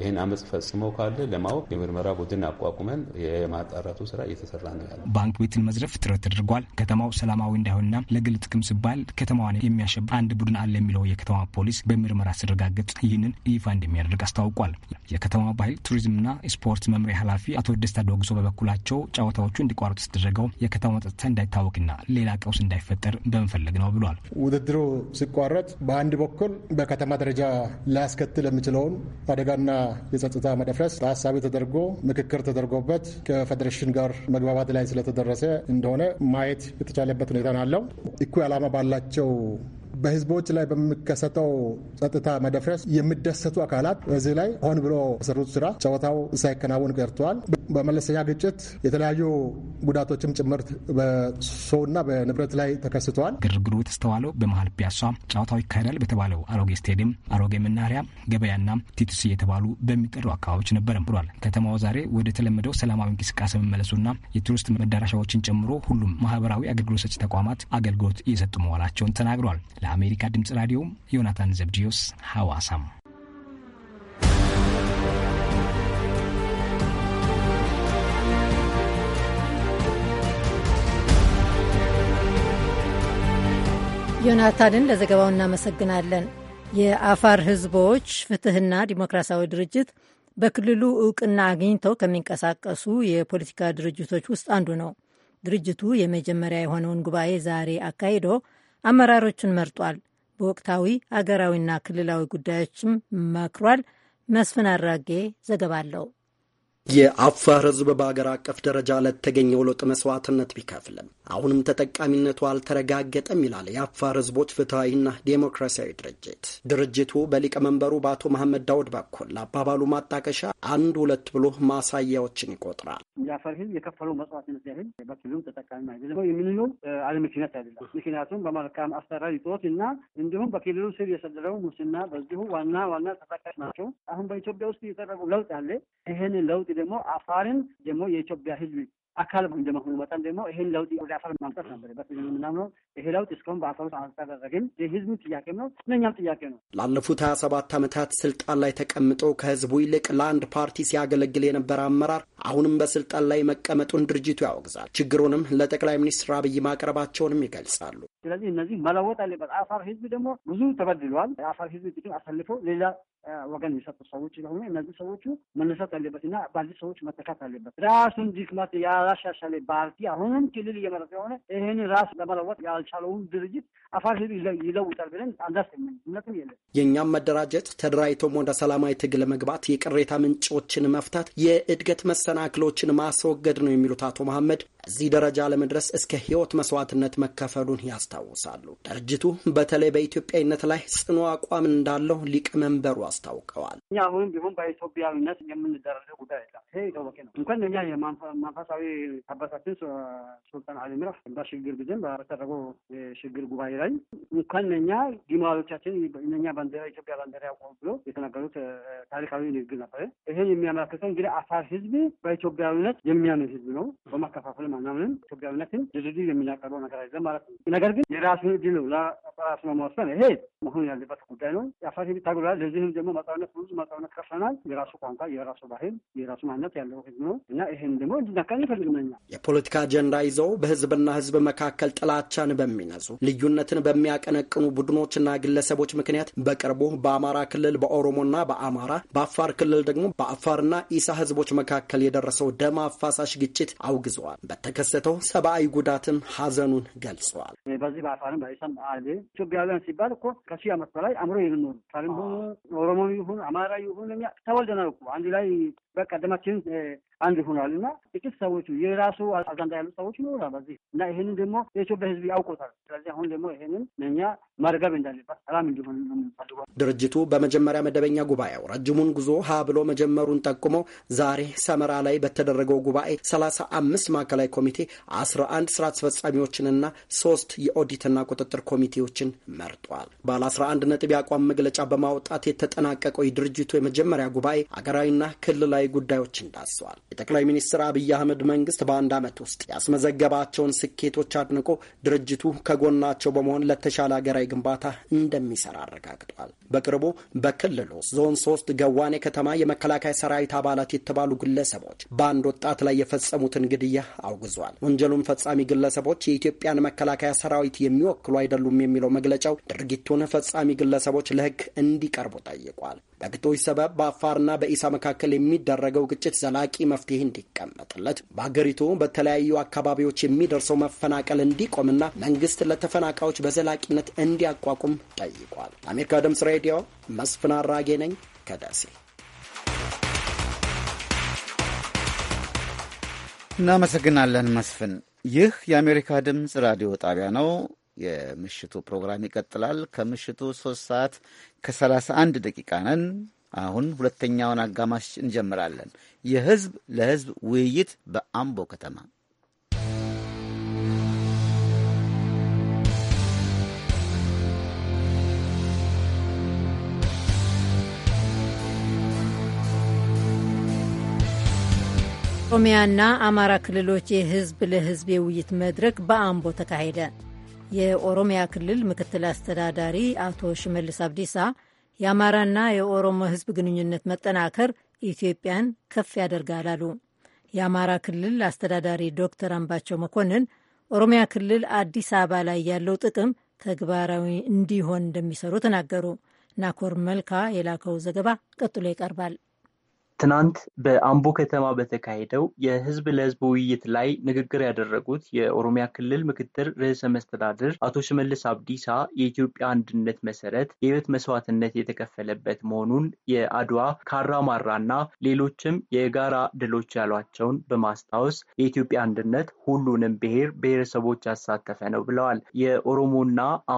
ይህን አመፅ ፈጽመው ካለ ለማወቅ የምርመራ ቡድን አቋቁመን የማጣራቱ ስራ እየተሰራ ነው ያለ። ባንክ ቤትን መዝረፍ ጥረት ተደርጓል። ከተማው ሰላማዊ እንዳይሆንና ለግል ጥቅም ሲባል ከተማዋን የሚያሸብር አንድ ቡድን አለ የሚለው የከተማ ፖሊስ በምርመራ ሲረጋገጥ ይህንን ይፋ እንደሚያደርግ አስታውቋል። የከተማ ባህል ቱሪዝምና ስፖርት መምሪያ ኃላፊ አቶ ደስታ ደወግሶ በበኩላቸው ጨዋታዎቹ እንዲቋረጡ ሲደረገው የከተማው ጸጥታ እንዳይታወቅና ሌላ ቀውስ እንዳይፈጠር በመፈለግ ነው ብሏል። ውድድሩ ሲቋረጥ በአንድ በኩል በከተማ ደረጃ ሊያስከትል የሚችለውን አደጋና የጸጥታ የጸጥታ መደፍረስ ታሳቢ ተደርጎ ምክክር ተደርጎበት ከፌዴሬሽን ጋር መግባባት ላይ ስለተደረሰ እንደሆነ ማየት የተቻለበት ሁኔታ አለው። እኩይ ዓላማ ባላቸው በህዝቦች ላይ በሚከሰተው ጸጥታ መደፍረስ የሚደሰቱ አካላት በዚህ ላይ ሆን ብሎ ሰሩት ስራ ጨዋታው ሳይከናወን ቀርተዋል። በመለስተኛ ግጭት የተለያዩ ጉዳቶችም ጭምር በሰውና በንብረት ላይ ተከስተዋል። ግርግሩ የተስተዋለው በመሀል ፒያሳ፣ ጨዋታው ይካሄዳል በተባለው አሮጌ ስቴዲየም፣ አሮጌ መናኸሪያ፣ ገበያና ቲቱሲ የተባሉ በሚጠሩ አካባቢዎች ነበር ብሏል። ከተማዋ ዛሬ ወደ ተለመደው ሰላማዊ እንቅስቃሴ መመለሱና የቱሪስት መዳረሻዎችን ጨምሮ ሁሉም ማህበራዊ አገልግሎት ሰጪ ተቋማት አገልግሎት እየሰጡ መዋላቸውን ተናግሯል። ለአሜሪካ ድምጽ ራዲዮ ዮናታን ዘብዲዮስ ሐዋሳም ዮናታንን ለዘገባው እናመሰግናለን። የአፋር ህዝቦች ፍትህና ዲሞክራሲያዊ ድርጅት በክልሉ እውቅና አግኝተው ከሚንቀሳቀሱ የፖለቲካ ድርጅቶች ውስጥ አንዱ ነው። ድርጅቱ የመጀመሪያ የሆነውን ጉባኤ ዛሬ አካሂዶ አመራሮቹን መርጧል። በወቅታዊ አገራዊና ክልላዊ ጉዳዮችም መክሯል። መስፍን አራጌ ዘገባ አለው። የአፋር ህዝብ በአገር አቀፍ ደረጃ ለተገኘው ለውጥ መስዋዕትነት ቢከፍልም አሁንም ተጠቃሚነቱ አልተረጋገጠም ይላል የአፋር ህዝቦች ፍትሐዊና ዴሞክራሲያዊ ድርጅት። ድርጅቱ በሊቀመንበሩ በአቶ መሐመድ ዳውድ በኩል ለአባባሉ ማጣቀሻ አንድ ሁለት ብሎ ማሳያዎችን ይቆጥራል። የአፋር ህዝብ የከፈለው መስዋዕትነት ያህል በክልሉም ተጠቃሚ አይደለም የምንለው አለ አይደለም። ምክንያቱም በመልካም አሰራር እጦት እና እንዲሁም በክልሉ ስር የሰደረው ሙስና በዚሁ ዋና ዋና ተጠቃሽ ናቸው። አሁን በኢትዮጵያ ውስጥ የተደረገው ለውጥ አለ። ይህን ለውጥ ደግሞ አፋርን ደግሞ የኢትዮጵያ ህዝብ አካል እንደመሆኑ መጠን ደግሞ ይሄን ለውጥ ወደ አፈር ማምጣት ነበር በስ በምናምነው። ይሄ ለውጥ እስካሁን በአፈር ውስጥ አልተደረገም። የህዝቡ ጥያቄም ነው፣ እነኛም ጥያቄ ነው። ላለፉት ሀያ ሰባት ዓመታት ስልጣን ላይ ተቀምጦ ከህዝቡ ይልቅ ለአንድ ፓርቲ ሲያገለግል የነበረ አመራር አሁንም በስልጣን ላይ መቀመጡን ድርጅቱ ያወግዛል። ችግሩንም ለጠቅላይ ሚኒስትር አብይ ማቅረባቸውንም ይገልጻሉ። ስለዚህ እነዚህ መለወጥ አለበት። አፋር ህዝብ ደግሞ ብዙ ተበድሏል። አፋር ህዝብ እንግዲህ አሳልፈው ሌላ ወገን የሰጡ ሰዎች ስለሆኑ እነዚህ ሰዎቹ መነሳት አለበት እና በዚህ ሰዎች መተካት አለበት። ራሱን ዲክማት ያላሻሻለ ፓርቲ አሁንም ክልል እየመረጠ የሆነ ይህን ራስ ለመለወጥ ያልቻለውን ድርጅት አፋር ህዝብ ይለውጣል ብለን አንዳስመኝ እምነትም የለን። የእኛም መደራጀት ተደራጅቶም ወደ ሰላማዊ ትግል መግባት፣ የቅሬታ ምንጮችን መፍታት፣ የእድገት መሰ መሰናክሎችን ማስወገድ ነው የሚሉት አቶ መሐመድ እዚህ ደረጃ ለመድረስ እስከ ህይወት መስዋዕትነት መከፈሉን ያስታውሳሉ። ድርጅቱ በተለይ በኢትዮጵያዊነት ላይ ጽኑ አቋም እንዳለው ሊቀመንበሩ አስታውቀዋል። እኛ አሁንም ቢሆን በኢትዮጵያዊነት የምንደረገ ጉዳይ የለም። ይሄ የታወቀ ነው። እንኳን እኛ የመንፈሳዊ አባታችን ሱልጣን አሊ በሽግግር ጊዜም በተደረገው የሽግግር ጉባኤ ላይ እንኳን እኛ ዲሞሎቻችን እነኛ ባንዲራ ኢትዮጵያ ባንዲራ ያቆም ብሎ የተናገሩት ታሪካዊ ንግግር ነበር። ይሄን የሚያመላክተው እንግዲህ አፋር ህዝብ በኢትዮጵያዊነት የሚያምን ህዝብ ነው በማከፋፈል ምናምንም ኢትዮጵያዊነትን ድርድር የምናቀርበው ነገር አይዘን ማለት ነው። ነገር ግን የራሱን እድል ነው ለራሱ መወሰን። ይሄ መሆን ያለበት ጉዳይ ነው። የአፋት የሚታገላ ለዚህም ደግሞ መጣውነት ብዙ መጣውነት ከፍለናል። የራሱ ቋንቋ፣ የራሱ ባህል፣ የራሱ ማንነት ያለው ህዝብ ነው እና ይህም ደግሞ እንዲናቀን ይፈልግመኛል። የፖለቲካ አጀንዳ ይዘው በህዝብና ህዝብ መካከል ጥላቻን በሚነዙ ልዩነትን በሚያቀነቅኑ ቡድኖችና ግለሰቦች ምክንያት በቅርቡ በአማራ ክልል በኦሮሞና በአማራ በአፋር ክልል ደግሞ በአፋርና ኢሳ ህዝቦች መካከል የደረሰው ደም አፋሳሽ ግጭት አውግዘዋል። ተከሰተው ሰብአዊ ጉዳትም ሀዘኑን ገልጸዋል። በዚህ በአፋርም በኢሳም አለ ኢትዮጵያውያን ሲባል እኮ ከሺህ ዓመት በላይ አምሮ የምንኖር ታሪም ሆኑ ኦሮሞ ይሁን አማራ ይሁን ተወልደናል እኮ አንድ ላይ በቃ ደማችን አንድ ሆኗል እና ጥቂት ሰዎቹ የራሱ አዛንዳ ያሉ ሰዎች ይኖራል በዚህ እና ይህንን ደግሞ የኢትዮጵያ ሕዝብ ያውቆታል። ስለዚህ አሁን ደግሞ ይህንን እኛ ማርገብ እንዳለባት ሰላም እንዲሆን የምንፈልገው ድርጅቱ በመጀመሪያ መደበኛ ጉባኤው ረጅሙን ጉዞ ሀ ብሎ መጀመሩን ጠቁሞ ዛሬ ሰመራ ላይ በተደረገው ጉባኤ ሰላሳ አምስት ማዕከላዊ ኮሚቴ አስራ አንድ ስራ አስፈጻሚዎችንና ሶስት የኦዲትና ቁጥጥር ኮሚቴዎችን መርጧል። ባለ አስራ አንድ ነጥብ የአቋም መግለጫ በማውጣት የተጠናቀቀው የድርጅቱ የመጀመሪያ ጉባኤ አገራዊና ክልላዊ ወቅታዊ ጉዳዮችን ዳሰዋል። የጠቅላይ ሚኒስትር አብይ አህመድ መንግስት በአንድ ዓመት ውስጥ ያስመዘገባቸውን ስኬቶች አድንቆ ድርጅቱ ከጎናቸው በመሆን ለተሻለ ሀገራዊ ግንባታ እንደሚሰራ አረጋግጧል። በቅርቡ በክልሉ ዞን ሶስት ገዋኔ ከተማ የመከላከያ ሰራዊት አባላት የተባሉ ግለሰቦች በአንድ ወጣት ላይ የፈጸሙትን ግድያ አውግዟል። ወንጀሉን ፈጻሚ ግለሰቦች የኢትዮጵያን መከላከያ ሰራዊት የሚወክሉ አይደሉም የሚለው መግለጫው ድርጊቱን ፈጻሚ ግለሰቦች ለህግ እንዲቀርቡ ጠይቋል። በግጦሽ ሰበብ በአፋርና በኢሳ መካከል የሚደረገው ግጭት ዘላቂ መፍትሄ እንዲቀመጥለት በሀገሪቱ በተለያዩ አካባቢዎች የሚደርሰው መፈናቀል እንዲቆምና መንግስት ለተፈናቃዮች በዘላቂነት እንዲያቋቁም ጠይቋል። ለአሜሪካ ድምፅ ሬዲዮ መስፍን አራጌ ነኝ ከደሴ። እናመሰግናለን መስፍን። ይህ የአሜሪካ ድምፅ ራዲዮ ጣቢያ ነው። የምሽቱ ፕሮግራም ይቀጥላል። ከምሽቱ ሶስት ሰዓት ከሰላሳ አንድ ደቂቃ ነን። አሁን ሁለተኛውን አጋማሽ እንጀምራለን። የህዝብ ለህዝብ ውይይት በአምቦ ከተማ ኦሮሚያና አማራ ክልሎች የህዝብ ለህዝብ የውይይት መድረክ በአምቦ ተካሄደ። የኦሮሚያ ክልል ምክትል አስተዳዳሪ አቶ ሽመልስ አብዲሳ የአማራና የኦሮሞ ህዝብ ግንኙነት መጠናከር ኢትዮጵያን ከፍ ያደርጋል አሉ። የአማራ ክልል አስተዳዳሪ ዶክተር አምባቸው መኮንን ኦሮሚያ ክልል አዲስ አበባ ላይ ያለው ጥቅም ተግባራዊ እንዲሆን እንደሚሰሩ ተናገሩ። ናኮር መልካ የላከው ዘገባ ቀጥሎ ይቀርባል። ትናንት በአምቦ ከተማ በተካሄደው የህዝብ ለህዝብ ውይይት ላይ ንግግር ያደረጉት የኦሮሚያ ክልል ምክትል ርዕሰ መስተዳድር አቶ ሽመልስ አብዲሳ የኢትዮጵያ አንድነት መሰረት የህይወት መስዋዕትነት የተከፈለበት መሆኑን የአድዋ ካራ ማራ እና ሌሎችም የጋራ ድሎች ያሏቸውን በማስታወስ የኢትዮጵያ አንድነት ሁሉንም ብሔር ብሔረሰቦች ያሳተፈ ነው ብለዋል። የኦሮሞና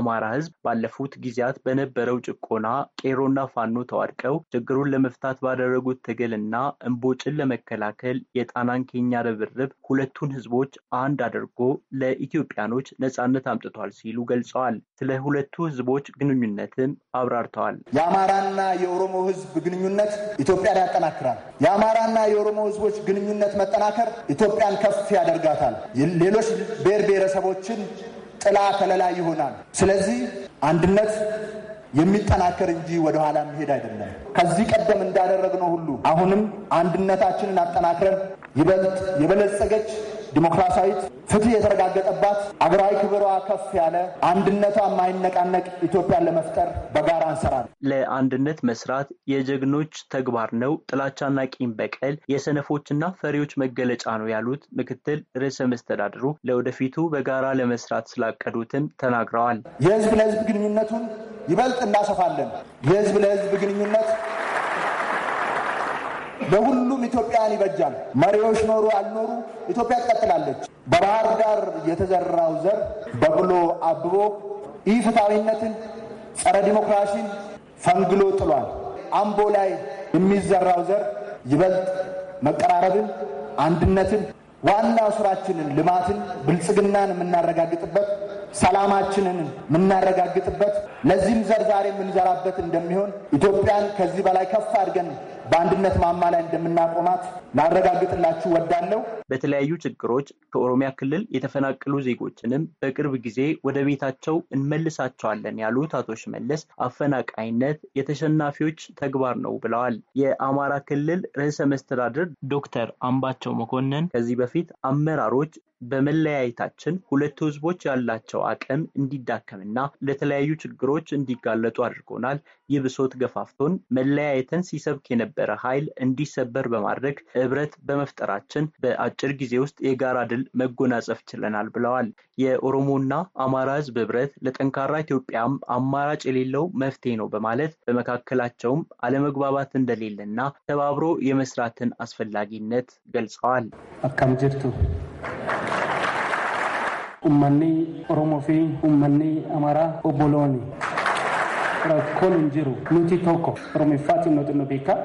አማራ ህዝብ ባለፉት ጊዜያት በነበረው ጭቆና ቄሮና ፋኖ ተዋድቀው ችግሩን ለመፍታት ባደረጉት ትግል ለመከላከልና እምቦጭን ለመከላከል የጣናን ኬኛ ርብርብ ሁለቱን ህዝቦች አንድ አድርጎ ለኢትዮጵያኖች ነጻነት አምጥቷል ሲሉ ገልጸዋል። ስለ ሁለቱ ህዝቦች ግንኙነትም አብራርተዋል። የአማራና የኦሮሞ ህዝብ ግንኙነት ኢትዮጵያን ያጠናክራል። የአማራና የኦሮሞ ህዝቦች ግንኙነት መጠናከር ኢትዮጵያን ከፍ ያደርጋታል። ሌሎች ብሔር ብሔረሰቦችን ጥላ ከለላ ይሆናል። ስለዚህ አንድነት የሚጠናከር እንጂ ወደኋላ መሄድ አይደለም። ከዚህ ቀደም እንዳደረግነው ሁሉ አሁንም አንድነታችንን አጠናክረን ይበልጥ የበለጸገች ዲሞክራሲያዊት፣ ፍትህ የተረጋገጠባት፣ አገራዊ ክብሯ ከፍ ያለ፣ አንድነቷ የማይነቃነቅ ኢትዮጵያን ለመፍጠር በጋራ እንሰራለን። ለአንድነት መስራት የጀግኖች ተግባር ነው። ጥላቻና ቂም በቀል የሰነፎችና ፈሪዎች መገለጫ ነው ያሉት ምክትል ርዕሰ መስተዳድሩ ለወደፊቱ በጋራ ለመስራት ስላቀዱትም ተናግረዋል። የህዝብ ለህዝብ ግንኙነቱን ይበልጥ እናሰፋለን። የህዝብ ለህዝብ ግንኙነት በሁሉም ኢትዮጵያን ይበጃል። መሪዎች ኖሩ አልኖሩ ኢትዮጵያ ትቀጥላለች። በባህር ዳር የተዘራው ዘር በብሎ አብቦ ኢፍትሐዊነትን፣ ጸረ ዲሞክራሲን ፈንግሎ ጥሏል። አምቦ ላይ የሚዘራው ዘር ይበልጥ መቀራረብን፣ አንድነትን፣ ዋና ስራችንን፣ ልማትን፣ ብልጽግናን የምናረጋግጥበት ሰላማችንን የምናረጋግጥበት ለዚህም ዘር ዛሬ የምንዘራበት እንደሚሆን ኢትዮጵያን ከዚህ በላይ ከፍ አድርገን በአንድነት ማማ ላይ እንደምናቆማት ላረጋግጥላችሁ ወዳለው። በተለያዩ ችግሮች ከኦሮሚያ ክልል የተፈናቀሉ ዜጎችንም በቅርብ ጊዜ ወደ ቤታቸው እንመልሳቸዋለን ያሉት አቶ ሽመለስ አፈናቃይነት የተሸናፊዎች ተግባር ነው ብለዋል። የአማራ ክልል ርዕሰ መስተዳድር ዶክተር አምባቸው መኮንን ከዚህ በፊት አመራሮች በመለያየታችን ሁለቱ ህዝቦች ያላቸው አቅም እንዲዳከምና ለተለያዩ ችግሮች እንዲጋለጡ አድርጎናል። ይህ ብሶት ገፋፍቶን መለያየትን ሲሰብክ የነበረ ኃይል እንዲሰበር በማድረግ ህብረት በመፍጠራችን በአጭር ጊዜ ውስጥ የጋራ ድል መጎናጸፍ ችለናል ብለዋል። የኦሮሞና አማራ ህዝብ ህብረት ለጠንካራ ኢትዮጵያም አማራጭ የሌለው መፍትሄ ነው በማለት በመካከላቸውም አለመግባባት እንደሌለና ተባብሮ የመስራትን አስፈላጊነት ገልጸዋል። አካም ጅርቱ ummanni Oromoo fi ummanni amaraa obbolooni. Rakkoon hin jiru nuti tokko Oromiffaatti nuti nu beeka.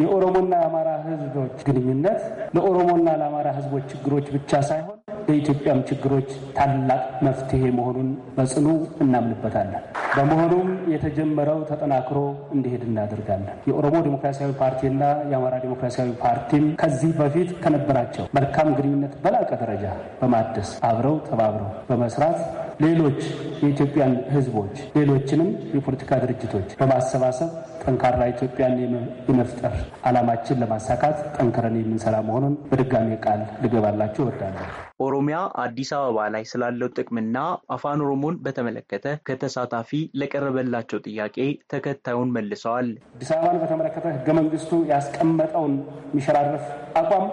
የኦሮሞና የአማራ ህዝቦች ግንኙነት ለኦሮሞና ለአማራ ህዝቦች ችግሮች ብቻ ሳይሆን ለኢትዮጵያም ችግሮች ታላቅ መፍትሄ መሆኑን በጽኑ እናምንበታለን። በመሆኑም የተጀመረው ተጠናክሮ እንዲሄድ እናደርጋለን። የኦሮሞ ዴሞክራሲያዊ ፓርቲና የአማራ ዴሞክራሲያዊ ፓርቲም ከዚህ በፊት ከነበራቸው መልካም ግንኙነት በላቀ ደረጃ በማደስ አብረው ተባብረው በመስራት ሌሎች የኢትዮጵያን ህዝቦች ሌሎችንም የፖለቲካ ድርጅቶች በማሰባሰብ ጠንካራ ኢትዮጵያን የመፍጠር አላማችን ለማሳካት ጠንክረን የምንሰራ መሆኑን በድጋሜ ቃል ልገባላችሁ እወዳለሁ። ኦሮሚያ አዲስ አበባ ላይ ስላለው ጥቅምና አፋን ኦሮሞን በተመለከተ ከተሳታፊ ለቀረበላቸው ጥያቄ ተከታዩን መልሰዋል። አዲስ አበባን በተመለከተ ህገ መንግስቱ ያስቀመጠውን የሚሸራርፍ አቋም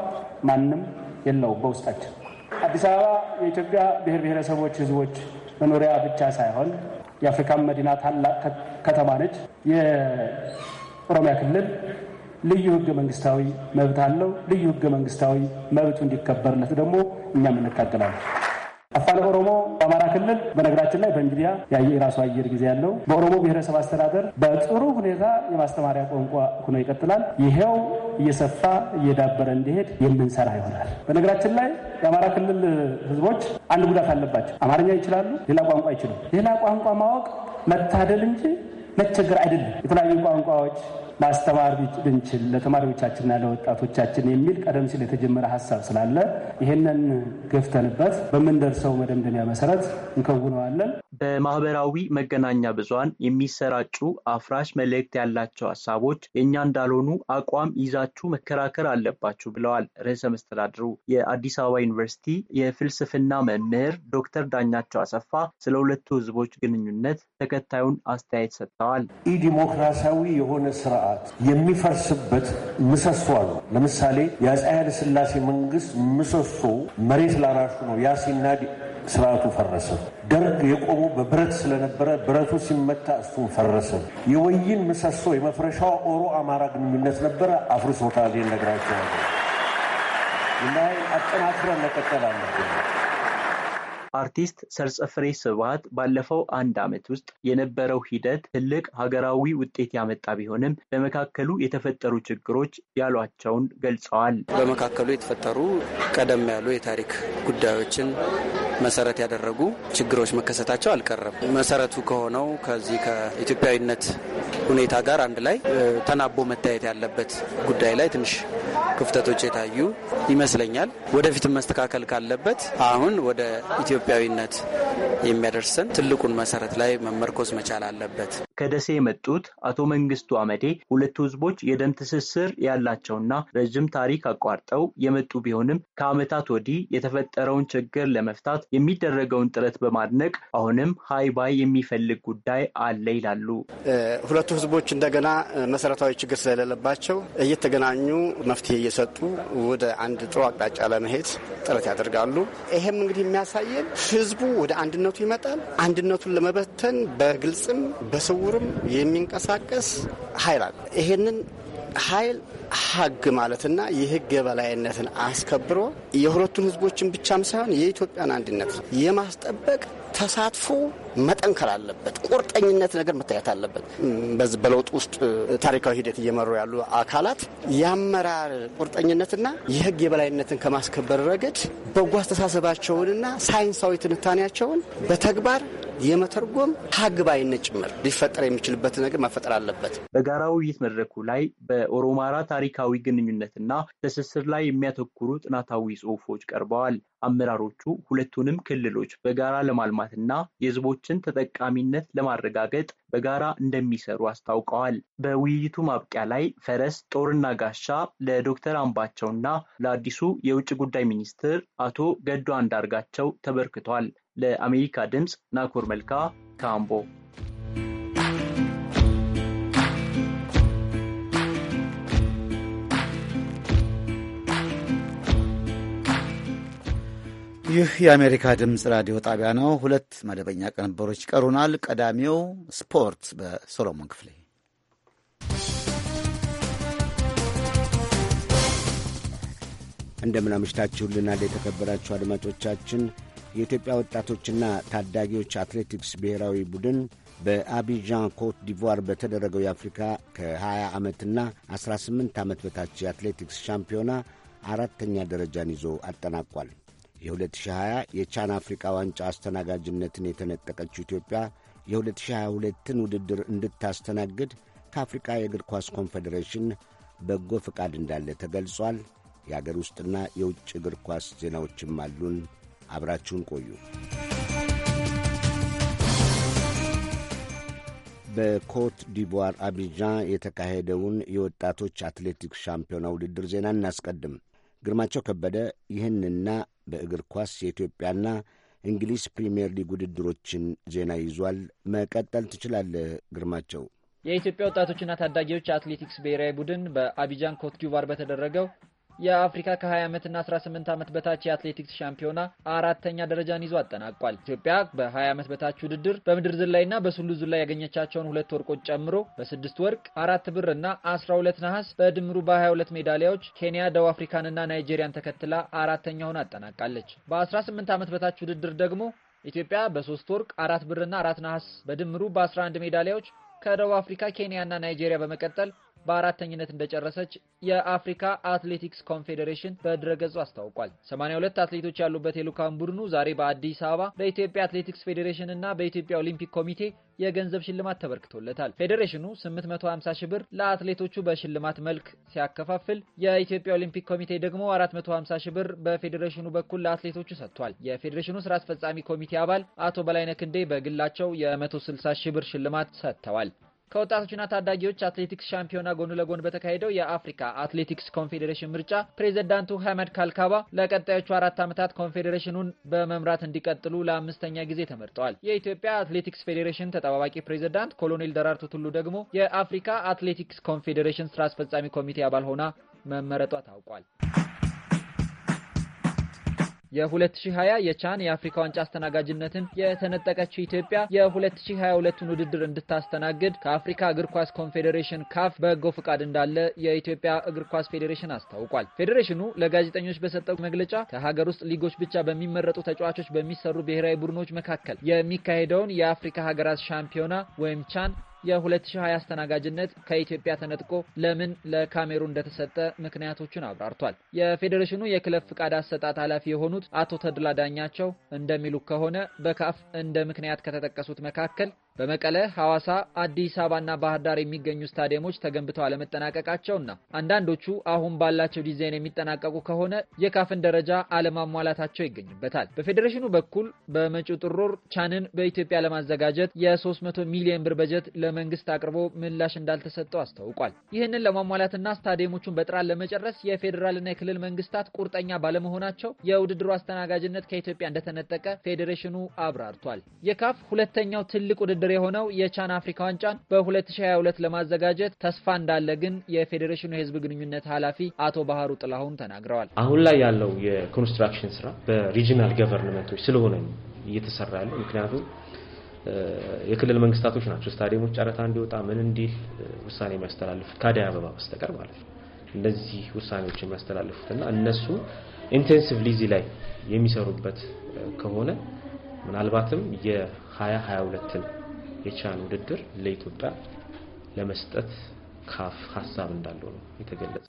ማንም የለውም በውስጣችን አዲስ አበባ የኢትዮጵያ ብሔር ብሔረሰቦች ህዝቦች መኖሪያ ብቻ ሳይሆን የአፍሪካን መዲና ታላቅ ከተማ ነች። የኦሮሚያ ክልል ልዩ ህገ መንግስታዊ መብት አለው። ልዩ ህገ መንግስታዊ መብቱ እንዲከበርለት ደግሞ እኛም እንታገላለን። አፋን ኦሮሞ በአማራ ክልል በነገራችን ላይ በእንግዲያ ያየ የራሱ አየር ጊዜ ያለው በኦሮሞ ብሔረሰብ አስተዳደር በጥሩ ሁኔታ የማስተማሪያ ቋንቋ ሆኖ ይቀጥላል። ይሄው እየሰፋ እየዳበረ እንዲሄድ የምንሰራ ይሆናል። በነገራችን ላይ የአማራ ክልል ህዝቦች አንድ ጉዳት አለባቸው። አማርኛ ይችላሉ፣ ሌላ ቋንቋ አይችሉም። ሌላ ቋንቋ ማወቅ መታደል እንጂ መቸገር አይደለም። የተለያዩ ቋንቋዎች ማስተማር ብንችል ለተማሪዎቻችንና ለወጣቶቻችን የሚል ቀደም ሲል የተጀመረ ሀሳብ ስላለ ይህንን ገፍተንበት በምንደርሰው መደምደሚያ መሰረት እንከውነዋለን። በማህበራዊ መገናኛ ብዙሃን የሚሰራጩ አፍራሽ መልእክት ያላቸው ሀሳቦች የእኛ እንዳልሆኑ አቋም ይዛችሁ መከራከር አለባችሁ ብለዋል ርዕሰ መስተዳድሩ። የአዲስ አበባ ዩኒቨርሲቲ የፍልስፍና መምህር ዶክተር ዳኛቸው አሰፋ ስለ ሁለቱ ህዝቦች ግንኙነት ተከታዩን አስተያየት ሰጥተዋል። ኢዲሞክራሲያዊ ዲሞክራሲያዊ የሆነ ስራ ስርዓት የሚፈርስበት ምሰሶ አሉ። ለምሳሌ የአፄ ኃይለ ሥላሴ መንግስት ምሰሶ መሬት ላራሹ ነው። ያ ሲናድ ስርዓቱ ፈረሰ። ደርግ የቆሙ በብረት ስለነበረ ብረቱ ሲመታ እሱም ፈረሰ። የወይን ምሰሶ የመፍረሻው ኦሮ አማራ ግንኙነት ነበረ፣ አፍርሶታል። ነግራቸው እና አጠናክረን መቀጠል አለብን። አርቲስት ሰርጸፍሬ ስብሃት ባለፈው አንድ ዓመት ውስጥ የነበረው ሂደት ትልቅ ሀገራዊ ውጤት ያመጣ ቢሆንም በመካከሉ የተፈጠሩ ችግሮች ያሏቸውን ገልጸዋል። በመካከሉ የተፈጠሩ ቀደም ያሉ የታሪክ ጉዳዮችን መሰረት ያደረጉ ችግሮች መከሰታቸው አልቀረም። መሰረቱ ከሆነው ከዚህ ከኢትዮጵያዊነት ሁኔታ ጋር አንድ ላይ ተናቦ መታየት ያለበት ጉዳይ ላይ ትንሽ ክፍተቶች የታዩ ይመስለኛል። ወደፊትም መስተካከል ካለበት አሁን ወደ ኢትዮ ኢትዮጵያዊነት የሚያደርሰን ትልቁን መሰረት ላይ መመርኮዝ መቻል አለበት። ከደሴ የመጡት አቶ መንግስቱ አመዴ ሁለቱ ህዝቦች የደም ትስስር ያላቸውና ረዥም ታሪክ አቋርጠው የመጡ ቢሆንም ከአመታት ወዲህ የተፈጠረውን ችግር ለመፍታት የሚደረገውን ጥረት በማድነቅ አሁንም ሀይ ባይ የሚፈልግ ጉዳይ አለ ይላሉ። ሁለቱ ህዝቦች እንደገና መሰረታዊ ችግር ስለሌለባቸው እየተገናኙ መፍትሄ እየሰጡ ወደ አንድ ጥሩ አቅጣጫ ለመሄድ ጥረት ያደርጋሉ። ይሄም እንግዲህ የሚያሳየን ህዝቡ ወደ አንድነቱ ይመጣል። አንድነቱን ለመበተን በግልጽም በስውርም የሚንቀሳቀስ ኃይል አለ። ይሄንን ኃይል ሀግ ማለትና የህግ የበላይነትን አስከብሮ የሁለቱን ህዝቦችን ብቻም ሳይሆን የኢትዮጵያን አንድነት የማስጠበቅ ተሳትፎ መጠንከር አለበት። ቁርጠኝነት ነገር መታየት አለበት። በዚህ በለውጥ ውስጥ ታሪካዊ ሂደት እየመሩ ያሉ አካላት የአመራር ቁርጠኝነትና የሕግ የበላይነትን ከማስከበር ረገድ በጎ አስተሳሰባቸውንና ሳይንሳዊ ትንታኔያቸውን በተግባር የመተርጎም ሀግባይነት ጭምር ሊፈጠር የሚችልበት ነገር መፈጠር አለበት። በጋራ ውይይት መድረኩ ላይ በኦሮማራ ታሪካዊ ግንኙነትና ትስስር ላይ የሚያተኩሩ ጥናታዊ ጽሑፎች ቀርበዋል። አመራሮቹ ሁለቱንም ክልሎች በጋራ ለማልማትና የህዝቦችን ተጠቃሚነት ለማረጋገጥ በጋራ እንደሚሰሩ አስታውቀዋል። በውይይቱ ማብቂያ ላይ ፈረስ ጦርና ጋሻ ለዶክተር አምባቸውና ለአዲሱ የውጭ ጉዳይ ሚኒስትር አቶ ገዱ አንዳርጋቸው ተበርክቷል። ለአሜሪካ ድምፅ ናኮር መልካ ካምቦ ይህ የአሜሪካ ድምፅ ራዲዮ ጣቢያ ነው። ሁለት መደበኛ ቅንብሮች ይቀሩናል። ቀዳሚው ስፖርት በሶሎሞን ክፍሌ። እንደምን አምሽታችሁልናል የተከበራችሁ አድማጮቻችን። የኢትዮጵያ ወጣቶችና ታዳጊዎች አትሌቲክስ ብሔራዊ ቡድን በአቢጃን ኮት ዲቯር በተደረገው የአፍሪካ ከ20 ዓመትና 18 ዓመት በታች የአትሌቲክስ ሻምፒዮና አራተኛ ደረጃን ይዞ አጠናቋል። የ2020 የቻን አፍሪካ ዋንጫ አስተናጋጅነትን የተነጠቀችው ኢትዮጵያ የ2022ን ውድድር እንድታስተናግድ ከአፍሪካ የእግር ኳስ ኮንፌዴሬሽን በጎ ፈቃድ እንዳለ ተገልጿል። የአገር ውስጥና የውጭ እግር ኳስ ዜናዎችም አሉን። አብራችሁን ቆዩ። በኮት ዲቯር አቢጃን የተካሄደውን የወጣቶች አትሌቲክስ ሻምፒዮና ውድድር ዜና እናስቀድም። ግርማቸው ከበደ ይህንና በእግር ኳስ የኢትዮጵያና እንግሊዝ ፕሪምየር ሊግ ውድድሮችን ዜና ይዟል። መቀጠል ትችላለህ ግርማቸው። የኢትዮጵያ ወጣቶችና ታዳጊዎች አትሌቲክስ ብሔራዊ ቡድን በአቢጃን ኮትዲቫር በተደረገው የአፍሪካ ከ20 ዓመትና 18 ዓመት በታች የአትሌቲክስ ሻምፒዮና አራተኛ ደረጃን ይዞ አጠናቋል። ኢትዮጵያ በ20 ዓመት በታች ውድድር በምድር ዝላይና በሱሉ ዝላይ ያገኘቻቸውን ሁለት ወርቆች ጨምሮ በስድስት ወርቅ አራት ብር እና 12 ነሐስ በድምሩ በ22 ሜዳሊያዎች ኬንያ፣ ደቡብ አፍሪካንና ናይጄሪያን ተከትላ አራተኛ ሆና አጠናቃለች። በ18 ዓመት በታች ውድድር ደግሞ ኢትዮጵያ በሶስት ወርቅ አራት ብርና አራት ነሐስ በድምሩ በ11 ሜዳሊያዎች ከደቡብ አፍሪካ ኬንያና ናይጄሪያ በመቀጠል በአራተኝነት እንደጨረሰች የአፍሪካ አትሌቲክስ ኮንፌዴሬሽን በድረገጹ አስታውቋል። 82 አትሌቶች ያሉበት የልዑካን ቡድኑ ዛሬ በአዲስ አበባ በኢትዮጵያ አትሌቲክስ ፌዴሬሽን እና በኢትዮጵያ ኦሊምፒክ ኮሚቴ የገንዘብ ሽልማት ተበርክቶለታል። ፌዴሬሽኑ 850 ሺህ ብር ለአትሌቶቹ በሽልማት መልክ ሲያከፋፍል፣ የኢትዮጵያ ኦሊምፒክ ኮሚቴ ደግሞ 450 ሺህ ብር በፌዴሬሽኑ በኩል ለአትሌቶቹ ሰጥቷል። የፌዴሬሽኑ ስራ አስፈጻሚ ኮሚቴ አባል አቶ በላይነ ክንዴ በግላቸው የ160 ሺህ ብር ሽልማት ሰጥተዋል። ከወጣቶችና ታዳጊዎች አትሌቲክስ ሻምፒዮና ጎን ለጎን በተካሄደው የአፍሪካ አትሌቲክስ ኮንፌዴሬሽን ምርጫ ፕሬዝዳንቱ ሀመድ ካልካባ ለቀጣዮቹ አራት ዓመታት ኮንፌዴሬሽኑን በመምራት እንዲቀጥሉ ለአምስተኛ ጊዜ ተመርጠዋል። የኢትዮጵያ አትሌቲክስ ፌዴሬሽን ተጠባባቂ ፕሬዝዳንት ኮሎኔል ደራርቱ ቱሉ ደግሞ የአፍሪካ አትሌቲክስ ኮንፌዴሬሽን ስራ አስፈጻሚ ኮሚቴ አባል ሆና መመረጧ ታውቋል። የ2020 የቻን የአፍሪካ ዋንጫ አስተናጋጅነትን የተነጠቀችው ኢትዮጵያ የ2022ን ውድድር እንድታስተናግድ ከአፍሪካ እግር ኳስ ኮንፌዴሬሽን ካፍ በጎ ፍቃድ እንዳለ የኢትዮጵያ እግር ኳስ ፌዴሬሽን አስታውቋል። ፌዴሬሽኑ ለጋዜጠኞች በሰጠው መግለጫ ከሀገር ውስጥ ሊጎች ብቻ በሚመረጡ ተጫዋቾች በሚሰሩ ብሔራዊ ቡድኖች መካከል የሚካሄደውን የአፍሪካ ሀገራት ሻምፒዮና ወይም ቻን የ2020 አስተናጋጅነት ከኢትዮጵያ ተነጥቆ ለምን ለካሜሩን እንደተሰጠ ምክንያቶቹን አብራርቷል። የፌዴሬሽኑ የክለብ ፍቃድ አሰጣጥ ኃላፊ የሆኑት አቶ ተድላ ዳኛቸው እንደሚሉ ከሆነ በካፍ እንደ ምክንያት ከተጠቀሱት መካከል በመቀለ፣ ሐዋሳ፣ አዲስ አበባና ባህር ዳር የሚገኙ ስታዲየሞች ተገንብተው አለመጠናቀቃቸውና አንዳንዶቹ አሁን ባላቸው ዲዛይን የሚጠናቀቁ ከሆነ የካፍን ደረጃ አለማሟላታቸው ይገኝበታል። በፌዴሬሽኑ በኩል በመጪው ጥር ወር ቻንን በኢትዮጵያ ለማዘጋጀት የ300 ሚሊዮን ብር በጀት ለመንግስት አቅርቦ ምላሽ እንዳልተሰጠው አስታውቋል። ይህንን ለማሟላትና ስታዲየሞቹን በጥራት ለመጨረስ የፌዴራልና የክልል መንግስታት ቁርጠኛ ባለመሆናቸው የውድድሩ አስተናጋጅነት ከኢትዮጵያ እንደተነጠቀ ፌዴሬሽኑ አብራርቷል። የካፍ ሁለተኛው ትልቅ ውድድር ውድድር የሆነው የቻን አፍሪካ ዋንጫን በ2022 ለማዘጋጀት ተስፋ እንዳለ ግን የፌዴሬሽኑ የህዝብ ግንኙነት ኃላፊ አቶ ባህሩ ጥላሁን ተናግረዋል። አሁን ላይ ያለው የኮንስትራክሽን ስራ በሪጂናል ገቨርንመንቶች ስለሆነ እየተሰራ ያለው ምክንያቱም የክልል መንግስታቶች ናቸው ስታዲየሞች ጨረታ እንዲወጣ ምን እንዲል ውሳኔ የሚያስተላልፉት ከአደይ አበባ በስተቀር ማለት ነው። እነዚህ ውሳኔዎች የሚያስተላልፉትና እነሱ ኢንቴንሲቭ ሊዚ ላይ የሚሰሩበት ከሆነ ምናልባትም የ2022ን የቻን ውድድር ለኢትዮጵያ ለመስጠት ካፍ ሀሳብ እንዳለው ነው የተገለጸ።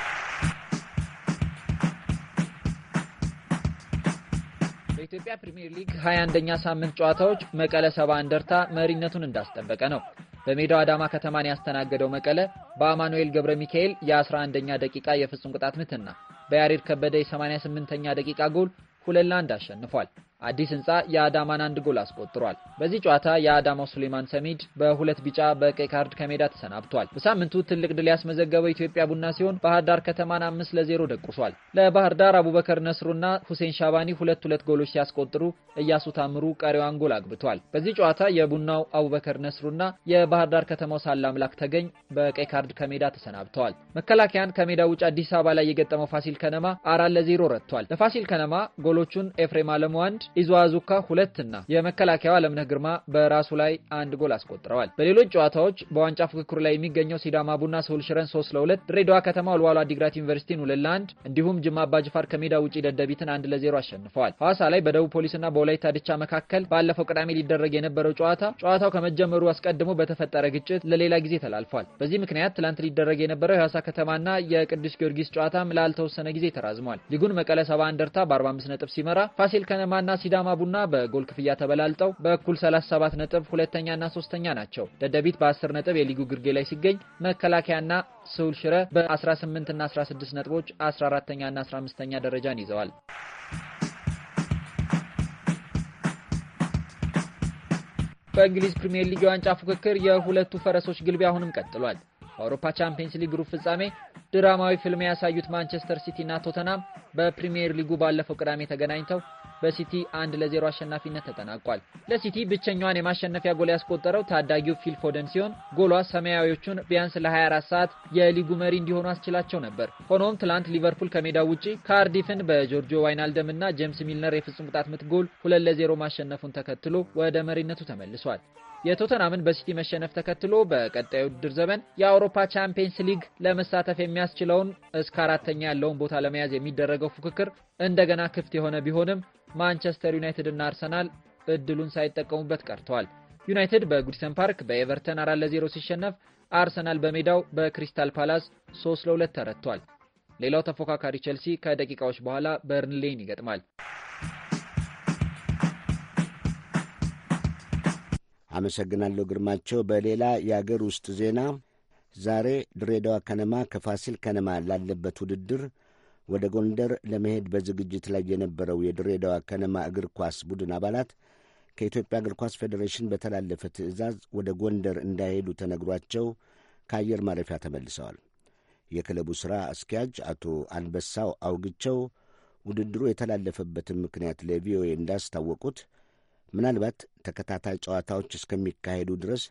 በኢትዮጵያ ፕሪምየር ሊግ 21ኛ ሳምንት ጨዋታዎች መቀለ ሰባ እንደርታ መሪነቱን እንዳስጠበቀ ነው። በሜዳው አዳማ ከተማን ያስተናገደው መቀለ በአማኑኤል ገብረ ሚካኤል የ11ኛ ደቂቃ የፍጹም ቅጣት ምትና በያሬድ ከበደ የ88ኛ ደቂቃ ጎል ሁለት ለአንድ አሸንፏል። አዲስ ህንፃ የአዳማን አንድ ጎል አስቆጥሯል። በዚህ ጨዋታ የአዳማው ሱሌማን ሰሚድ በሁለት ቢጫ በቀይ ካርድ ከሜዳ ተሰናብቷል። በሳምንቱ ትልቅ ድል ያስመዘገበው ኢትዮጵያ ቡና ሲሆን ባህር ዳር ከተማን አምስት ለዜሮ ደቁሷል። ለባህር ዳር አቡበከር ነስሩና ሁሴን ሻባኒ ሁለት ሁለት ጎሎች ሲያስቆጥሩ እያሱ ታምሩ ቀሪዋን ጎል አግብቷል። በዚህ ጨዋታ የቡናው አቡበከር ነስሩና የባህር ዳር ከተማው ሳላ አምላክ ተገኝ በቀይ ካርድ ከሜዳ ተሰናብተዋል። መከላከያን ከሜዳ ውጭ አዲስ አበባ ላይ የገጠመው ፋሲል ከነማ አራት ለዜሮ ረጥቷል። ለፋሲል ከነማ ጎሎቹን ኤፍሬም አለሙ አንድ ኢዝዋዙካ ሁለትና የመከላከያው አለምነህ ግርማ በራሱ ላይ አንድ ጎል አስቆጥረዋል። በሌሎች ጨዋታዎች በዋንጫ ፉክክሩ ላይ የሚገኘው ሲዳማ ቡና ሰውል ሽረን 3 ለ2፣ ድሬዳዋ ከተማ ወልዋሎ አዲግራት ዩኒቨርሲቲን 2 ለ1 እንዲሁም ጅማ አባጅፋር ከሜዳ ውጪ ደደቢትን አንድ ለዜሮ አሸንፈዋል። ሐዋሳ ላይ በደቡብ ፖሊስና በወላይታ ድቻ መካከል ባለፈው ቅዳሜ ሊደረግ የነበረው ጨዋታ ጨዋታው ከመጀመሩ አስቀድሞ በተፈጠረ ግጭት ለሌላ ጊዜ ተላልፏል። በዚህ ምክንያት ትላንት ሊደረግ የነበረው የሐዋሳ ከተማና የቅዱስ ጊዮርጊስ ጨዋታም ላልተወሰነ ጊዜ ተራዝሟል። ሊጉን መቀለ ሰባ እንደርታ በ45 ነጥብ ሲመራ ፋሲል ከነማና ሲዳማ ቡና በጎል ክፍያ ተበላልጠው በእኩል 37 ነጥብ ሁለተኛና ሶስተኛ ናቸው። ደደቢት በ10 ነጥብ የሊጉ ግርጌ ላይ ሲገኝ መከላከያና ስውል ሽረ በ18ና 16 ነጥቦች 14ኛና 15ኛ ደረጃን ይዘዋል። በእንግሊዝ ፕሪምየር ሊግ የዋንጫ ፉክክር የሁለቱ ፈረሶች ግልቢያ አሁንም ቀጥሏል። በአውሮፓ ቻምፒየንስ ሊግ ሩብ ፍጻሜ ድራማዊ ፊልም ያሳዩት ማንቸስተር ሲቲና ቶተናም በፕሪሚየር ሊጉ ባለፈው ቅዳሜ ተገናኝተው በሲቲ አንድ ለዜሮ አሸናፊነት ተጠናቋል። ለሲቲ ብቸኛዋን የማሸነፊያ ጎል ያስቆጠረው ታዳጊው ፊል ፎደን ሲሆን ጎሏ ሰማያዊዎቹን ቢያንስ ለ24 ሰዓት የሊጉ መሪ እንዲሆኑ አስችላቸው ነበር። ሆኖም ትላንት ሊቨርፑል ከሜዳው ውጪ ካርዲፍን ዋይናልደም እና ጄምስ ሚልነር የፍጹም ቅጣት ምት ጎል ሁለት ለዜሮ ማሸነፉን ተከትሎ ወደ መሪነቱ ተመልሷል። የቶተናምን በሲቲ መሸነፍ ተከትሎ በቀጣዩ ውድድር ዘመን የአውሮፓ ቻምፒየንስ ሊግ ለመሳተፍ የሚያስችለውን እስከ አራተኛ ያለውን ቦታ ለመያዝ የሚደረገው ፉክክር እንደገና ክፍት የሆነ ቢሆንም ማንቸስተር ዩናይትድ እና አርሰናል እድሉን ሳይጠቀሙበት ቀርተዋል። ዩናይትድ በጉዲሰን ፓርክ በኤቨርተን አራት ለዜሮ ሲሸነፍ፣ አርሰናል በሜዳው በክሪስታል ፓላስ ለ2 ተረቷል። ሌላው ተፎካካሪ ቼልሲ ከደቂቃዎች በኋላ በርንሌን ይገጥማል። አመሰግናለሁ ግርማቸው። በሌላ የአገር ውስጥ ዜና ዛሬ ድሬዳዋ ከነማ ከፋሲል ከነማ ላለበት ውድድር ወደ ጎንደር ለመሄድ በዝግጅት ላይ የነበረው የድሬዳዋ ከነማ እግር ኳስ ቡድን አባላት ከኢትዮጵያ እግር ኳስ ፌዴሬሽን በተላለፈ ትዕዛዝ ወደ ጎንደር እንዳይሄዱ ተነግሯቸው ከአየር ማረፊያ ተመልሰዋል። የክለቡ ሥራ አስኪያጅ አቶ አንበሳው አውግቸው ውድድሩ የተላለፈበትን ምክንያት ለቪኦኤ እንዳስታወቁት ምናልባት ተከታታይ ጨዋታዎች እስከሚካሄዱ ድረስ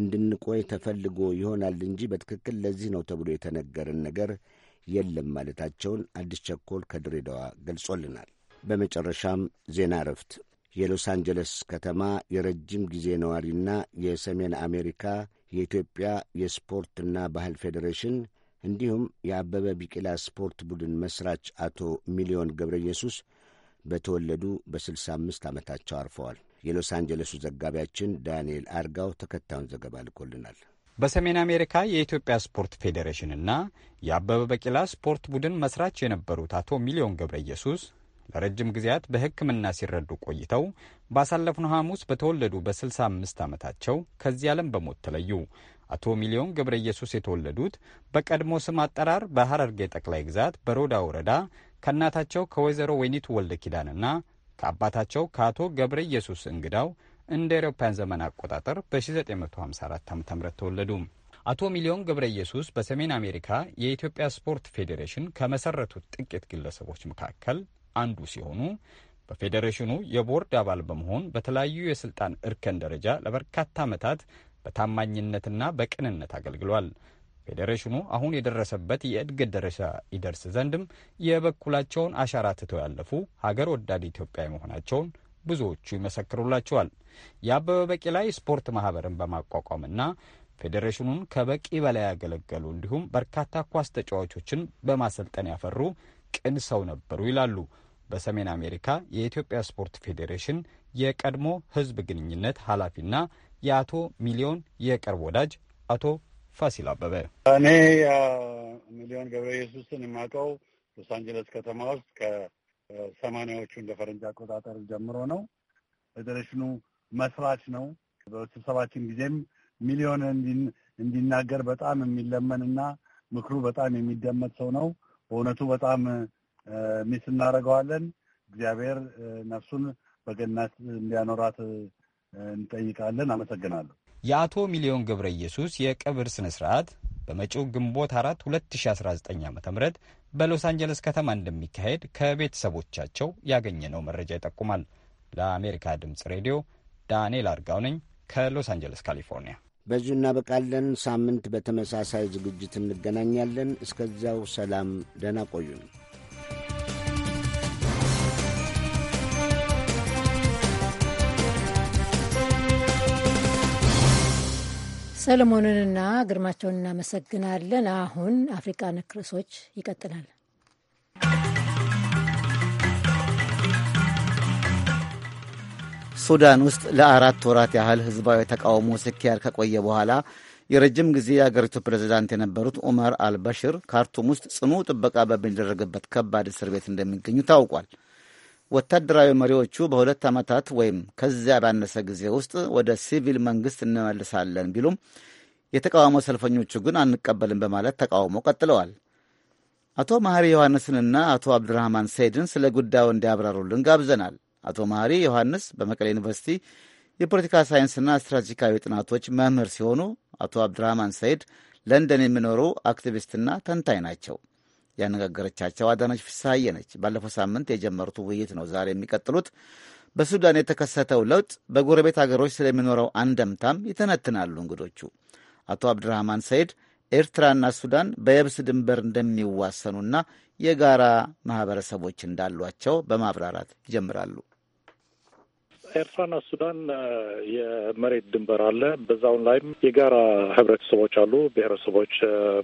እንድንቆይ ተፈልጎ ይሆናል እንጂ በትክክል ለዚህ ነው ተብሎ የተነገረን ነገር የለም ማለታቸውን አዲስ ቸኮል ከድሬዳዋ ገልጾልናል። በመጨረሻም ዜና እረፍት የሎስ አንጀለስ ከተማ የረጅም ጊዜ ነዋሪና የሰሜን አሜሪካ የኢትዮጵያ የስፖርትና ባህል ፌዴሬሽን እንዲሁም የአበበ ቢቂላ ስፖርት ቡድን መስራች አቶ ሚሊዮን ገብረ ኢየሱስ በተወለዱ በ65 ዓመታቸው አርፈዋል። የሎስ አንጀለሱ ዘጋቢያችን ዳንኤል አርጋው ተከታዩን ዘገባ ልኮልናል። በሰሜን አሜሪካ የኢትዮጵያ ስፖርት ፌዴሬሽንና የአበበ በቂላ ስፖርት ቡድን መስራች የነበሩት አቶ ሚሊዮን ገብረ ኢየሱስ ለረጅም ጊዜያት በሕክምና ሲረዱ ቆይተው ባሳለፍነው ሐሙስ በተወለዱ በ65 ዓመታቸው ከዚህ ዓለም በሞት ተለዩ። አቶ ሚሊዮን ገብረ ኢየሱስ የተወለዱት በቀድሞ ስም አጠራር በሐረርጌ ጠቅላይ ግዛት በሮዳ ወረዳ ከእናታቸው ከወይዘሮ ወይኒት ወልደ ኪዳንና ከአባታቸው ከአቶ ገብረ ኢየሱስ እንግዳው እንደ አውሮፓውያን ዘመን አቆጣጠር በ1954 ዓ ም ተወለዱ። አቶ ሚሊዮን ገብረ ኢየሱስ በሰሜን አሜሪካ የኢትዮጵያ ስፖርት ፌዴሬሽን ከመሰረቱት ጥቂት ግለሰቦች መካከል አንዱ ሲሆኑ በፌዴሬሽኑ የቦርድ አባል በመሆን በተለያዩ የስልጣን እርከን ደረጃ ለበርካታ ዓመታት በታማኝነትና በቅንነት አገልግሏል። ፌዴሬሽኑ አሁን የደረሰበት የእድገት ደረጃ ይደርስ ዘንድም የበኩላቸውን አሻራ ትተው ያለፉ ሀገር ወዳድ ኢትዮጵያዊ መሆናቸውን ብዙዎቹ ይመሰክሩላቸዋል። የአበበ ቢቂላ ስፖርት ማህበርን በማቋቋምና ፌዴሬሽኑን ከበቂ በላይ ያገለገሉ እንዲሁም በርካታ ኳስ ተጫዋቾችን በማሰልጠን ያፈሩ ቅን ሰው ነበሩ ይላሉ በሰሜን አሜሪካ የኢትዮጵያ ስፖርት ፌዴሬሽን የቀድሞ ህዝብ ግንኙነት ኃላፊና የአቶ ሚሊዮን የቅርብ ወዳጅ አቶ ፋሲል አበበ። እኔ ሚሊዮን ገብረ ኢየሱስን የማውቀው ሎስ አንጀለስ ከተማ ውስጥ ከሰማኒያዎቹ እንደ ፈረንጅ አቆጣጠር ጀምሮ ነው። ፌዴሬሽኑ መስራች ነው። በስብሰባችን ጊዜም ሚሊዮን እንዲናገር በጣም የሚለመንና ምክሩ በጣም የሚደመጥ ሰው ነው። በእውነቱ በጣም ሚስ እናደርገዋለን። እግዚአብሔር ነፍሱን በገነት እንዲያኖራት እንጠይቃለን። አመሰግናለሁ። የአቶ ሚሊዮን ገብረ ኢየሱስ የቀብር ስነ ስርዓት በመጪው ግንቦት 4 2019 ዓ ም በሎስ አንጀለስ ከተማ እንደሚካሄድ ከቤተሰቦቻቸው ያገኘነው መረጃ ይጠቁማል። ለአሜሪካ ድምፅ ሬዲዮ ዳንኤል አርጋው ነኝ ከሎስ አንጀለስ ካሊፎርኒያ። በዚሁ እናበቃለን። ሳምንት በተመሳሳይ ዝግጅት እንገናኛለን። እስከዚያው ሰላም፣ ደህና ቆዩን። ሰለሞንንና ግርማቸውን እናመሰግናለን። አሁን አፍሪቃ ነክ ርዕሶች ይቀጥላል። ሱዳን ውስጥ ለአራት ወራት ያህል ህዝባዊ ተቃውሞ ስኪያል ከቆየ በኋላ የረጅም ጊዜ የአገሪቱ ፕሬዚዳንት የነበሩት ኡመር አልበሽር ካርቱም ውስጥ ጽኑ ጥበቃ በሚደረግበት ከባድ እስር ቤት እንደሚገኙ ታውቋል። ወታደራዊ መሪዎቹ በሁለት ዓመታት ወይም ከዚያ ባነሰ ጊዜ ውስጥ ወደ ሲቪል መንግሥት እንመልሳለን ቢሉም የተቃውሞ ሰልፈኞቹ ግን አንቀበልም በማለት ተቃውሞ ቀጥለዋል። አቶ መሐሪ ዮሐንስንና አቶ አብዱራህማን ሰይድን ስለ ጉዳዩ እንዲያብራሩልን ጋብዘናል። አቶ መሐሪ ዮሐንስ በመቀሌ ዩኒቨርሲቲ የፖለቲካ ሳይንስና ስትራቴጂካዊ ጥናቶች መምህር ሲሆኑ አቶ አብዱራህማን ሰይድ ለንደን የሚኖሩ አክቲቪስትና ተንታኝ ናቸው። ያነጋገረቻቸው አዳነች ፍስሐዬ ነች። ባለፈው ሳምንት የጀመሩት ውይይት ነው ዛሬ የሚቀጥሉት። በሱዳን የተከሰተው ለውጥ በጎረቤት አገሮች ስለሚኖረው አንደምታም ይተነትናሉ እንግዶቹ። አቶ አብድራህማን ሰይድ ኤርትራና ሱዳን በየብስ ድንበር እንደሚዋሰኑና የጋራ ማኅበረሰቦች እንዳሏቸው በማብራራት ይጀምራሉ። ኤርትራና ሱዳን የመሬት ድንበር አለ። በዛውን ላይም የጋራ ህብረተሰቦች አሉ። ብሔረሰቦች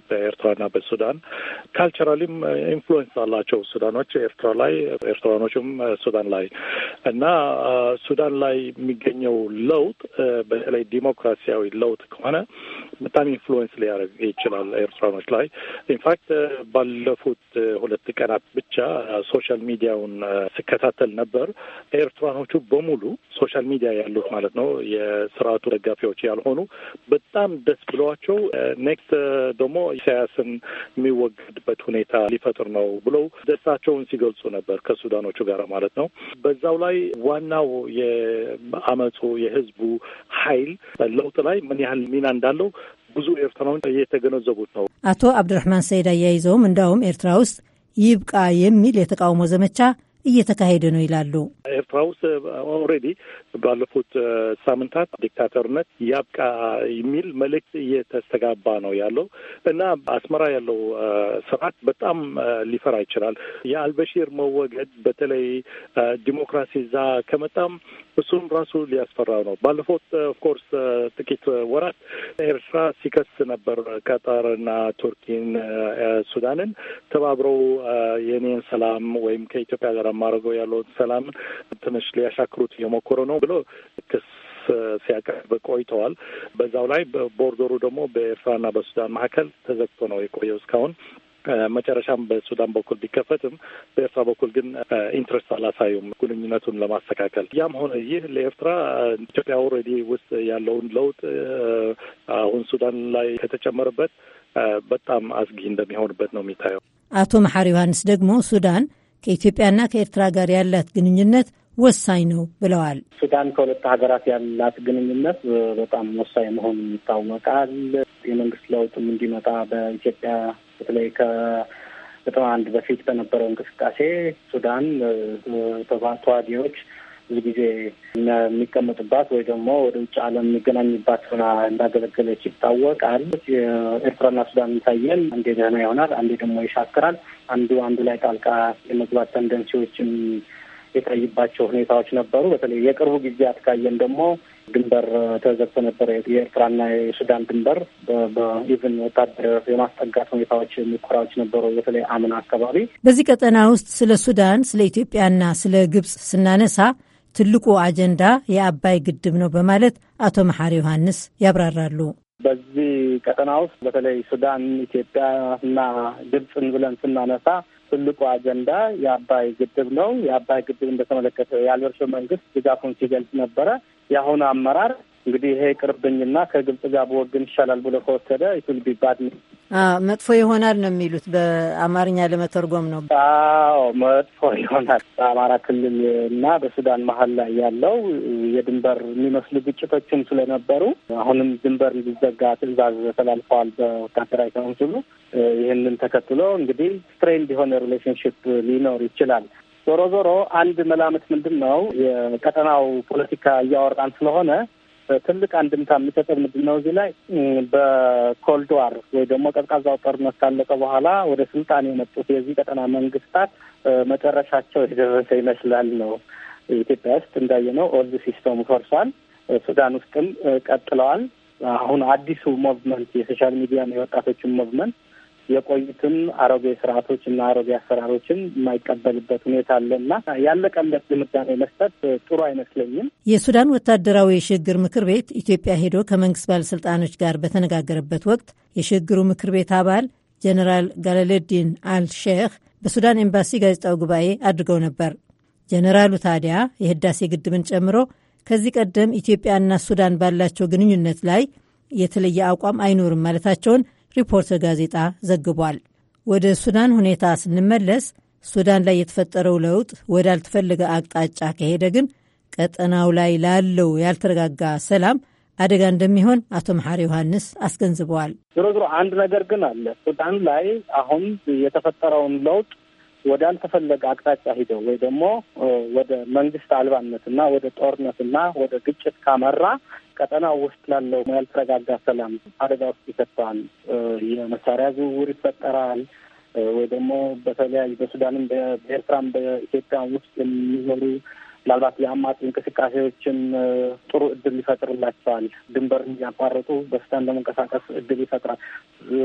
በኤርትራና በሱዳን ካልቸራሊም ኢንፍሉዌንስ አላቸው። ሱዳኖች ኤርትራ ላይ፣ ኤርትራኖችም ሱዳን ላይ እና ሱዳን ላይ የሚገኘው ለውጥ በተለይ ዲሞክራሲያዊ ለውጥ ከሆነ በጣም ኢንፍሉዌንስ ሊያደርግ ይችላል ኤርትራኖች ላይ። ኢንፋክት ባለፉት ሁለት ቀናት ብቻ ሶሻል ሚዲያውን ስከታተል ነበር ኤርትራኖቹ በሙሉ ሶሻል ሚዲያ ያሉት ማለት ነው የስርዓቱ ደጋፊዎች ያልሆኑ በጣም ደስ ብለዋቸው ኔክስት ደግሞ ኢሳያስን የሚወገድበት ሁኔታ ሊፈጥር ነው ብለው ደስታቸውን ሲገልጹ ነበር ከሱዳኖቹ ጋር ማለት ነው። በዛው ላይ ዋናው የአመፁ የህዝቡ ኃይል ለውጥ ላይ ምን ያህል ሚና እንዳለው ብዙ ኤርትራውን እየተገነዘቡት ነው። አቶ አብድራህማን ሰይድ አያይዘውም እንዳውም ኤርትራ ውስጥ ይብቃ የሚል የተቃውሞ ዘመቻ እየተካሄደ ነው ይላሉ። ኤርትራ ውስጥ ኦልሬዲ ባለፉት ሳምንታት ዲክታተርነት ያብቃ የሚል መልእክት እየተስተጋባ ነው ያለው እና አስመራ ያለው ስርዓት በጣም ሊፈራ ይችላል። የአልበሺር መወገድ በተለይ ዲሞክራሲ እዛ ከመጣም እሱም ራሱ ሊያስፈራ ነው። ባለፉት ኦፍኮርስ ጥቂት ወራት ኤርትራ ሲከስ ነበር ቀጠርና ቱርኪን፣ ሱዳንን ተባብረው የኔን ሰላም ወይም ከኢትዮጵያ ጋር ማድረገው ያለውን ሰላም ትንሽ ሊያሻክሩት እየሞከሩ ነው። ብሎ ክስ ሲያቀርብ ቆይተዋል። በዛው ላይ ቦርደሩ ደግሞ በኤርትራና በሱዳን መካከል ተዘግቶ ነው የቆየው እስካሁን መጨረሻም በሱዳን በኩል ቢከፈትም በኤርትራ በኩል ግን ኢንትረስት አላሳዩም ግንኙነቱን ለማስተካከል። ያም ሆነ ይህ ለኤርትራ ኢትዮጵያ ኦልሬዲ ውስጥ ያለውን ለውጥ አሁን ሱዳን ላይ ከተጨመረበት በጣም አስጊ እንደሚሆንበት ነው የሚታየው። አቶ መሐር ዮሐንስ ደግሞ ሱዳን ከኢትዮጵያና ከኤርትራ ጋር ያላት ግንኙነት ወሳኝ ነው ብለዋል። ሱዳን ከሁለት ሀገራት ያላት ግንኙነት በጣም ወሳኝ መሆኑ ይታወቃል። የመንግስት ለውጥም እንዲመጣ በኢትዮጵያ በተለይ ከዘጠና አንድ በፊት በነበረው እንቅስቃሴ ሱዳን ተዋዲዎች ብዙ ጊዜ የሚቀመጡባት ወይ ደግሞ ወደ ውጭ ዓለም የሚገናኝባት ሆና እንዳገለገለች ይታወቃል። የኤርትራና ሱዳን የሚታየን አንዴ ደህና ይሆናል፣ አንዴ ደግሞ ይሻክራል። አንዱ አንዱ ላይ ጣልቃ የመግባት ተንደንሲዎችም የታይባቸው ሁኔታዎች ነበሩ። በተለይ የቅርቡ ጊዜያት አትካየን ደግሞ ድንበር ተዘግቶ ነበረ። የኤርትራና የሱዳን ድንበር በኢቭን ወታደር የማስጠጋት ሁኔታዎች ሙከራዎች ነበሩ፣ በተለይ አምና አካባቢ። በዚህ ቀጠና ውስጥ ስለ ሱዳን፣ ስለ ኢትዮጵያና ስለ ግብጽ ስናነሳ ትልቁ አጀንዳ የአባይ ግድብ ነው በማለት አቶ መሐሪ ዮሐንስ ያብራራሉ። በዚህ ቀጠና ውስጥ በተለይ ሱዳን፣ ኢትዮጵያ እና ግብፅን ብለን ስናነሳ ትልቁ አጀንዳ የአባይ ግድብ ነው። የአባይ ግድብን በተመለከተ የአልበርሾ መንግስት ድጋፉን ሲገልጽ ነበረ። የአሁኑ አመራር እንግዲህ ይሄ ቅርብኝና ከግብጽ ጋር በወግን ይሻላል ብሎ ከወሰደ ኢቱል ቢባድ መጥፎ ይሆናል ነው የሚሉት። በአማርኛ ለመተርጎም ነው። አዎ መጥፎ ይሆናል። በአማራ ክልል እና በሱዳን መሀል ላይ ያለው የድንበር የሚመስሉ ግጭቶችም ስለነበሩ አሁንም ድንበር እንዲዘጋ ትዕዛዝ ተላልፈዋል በወታደራዊ ካውንስሉ። ይህንን ተከትሎ እንግዲህ ስትሬንድ የሆነ ሪሌሽንሽፕ ሊኖር ይችላል። ዞሮ ዞሮ አንድ መላምት ምንድን ነው የቀጠናው ፖለቲካ እያወራን ስለሆነ ትልቅ አንድምታ የሚሰጠው ምንድን ነው? እዚህ ላይ በኮልድ ወይ ደግሞ ቀዝቃዛው ጦርነት ካለቀ በኋላ ወደ ስልጣን የመጡት የዚህ ቀጠና መንግስታት መጨረሻቸው የደረሰ ይመስላል ነው። ኢትዮጵያ ውስጥ እንዳየነው ኦልድ ሲስተሙ ፈርሷል። ሱዳን ውስጥም ቀጥለዋል። አሁን አዲሱ ሞቭመንት የሶሻል ሚዲያ የወጣቶችን ሞቭመንት የቆዩትም አሮጌ ስርዓቶች እና አሮጌ አሰራሮችን የማይቀበልበት ሁኔታ አለና ያለቀለት ድምዳሜ መስጠት ጥሩ አይመስለኝም። የሱዳን ወታደራዊ የሽግግር ምክር ቤት ኢትዮጵያ ሄዶ ከመንግስት ባለስልጣኖች ጋር በተነጋገረበት ወቅት የሽግግሩ ምክር ቤት አባል ጀነራል ጋለለዲን አልሼህ በሱዳን ኤምባሲ ጋዜጣዊ ጉባኤ አድርገው ነበር። ጀነራሉ ታዲያ የህዳሴ ግድብን ጨምሮ ከዚህ ቀደም ኢትዮጵያና ሱዳን ባላቸው ግንኙነት ላይ የተለየ አቋም አይኖርም ማለታቸውን ሪፖርተር ጋዜጣ ዘግቧል። ወደ ሱዳን ሁኔታ ስንመለስ ሱዳን ላይ የተፈጠረው ለውጥ ወዳልተፈለገ አቅጣጫ ከሄደ ግን ቀጠናው ላይ ላለው ያልተረጋጋ ሰላም አደጋ እንደሚሆን አቶ መሐሪ ዮሐንስ አስገንዝበዋል። ዞሮ ዞሮ አንድ ነገር ግን አለ። ሱዳን ላይ አሁን የተፈጠረውን ለውጥ ወዳልተፈለገ አቅጣጫ ሂደው ወይ ደግሞ ወደ መንግስት አልባነትና ወደ ጦርነትና ወደ ግጭት ካመራ ቀጠና ውስጥ ላለው ያልተረጋጋ ሰላም አደጋ ውስጥ ይከተዋል። የመሳሪያ ዝውውር ይፈጠራል ወይ ደግሞ በተለያዩ በሱዳንም፣ በኤርትራም፣ በኢትዮጵያ ውስጥ የሚኖሩ ምናልባት የአማጺ እንቅስቃሴዎችን ጥሩ እድል ይፈጥርላቸዋል። ድንበርን እያቋረጡ በሱዳን ለመንቀሳቀስ እድል ይፈጥራል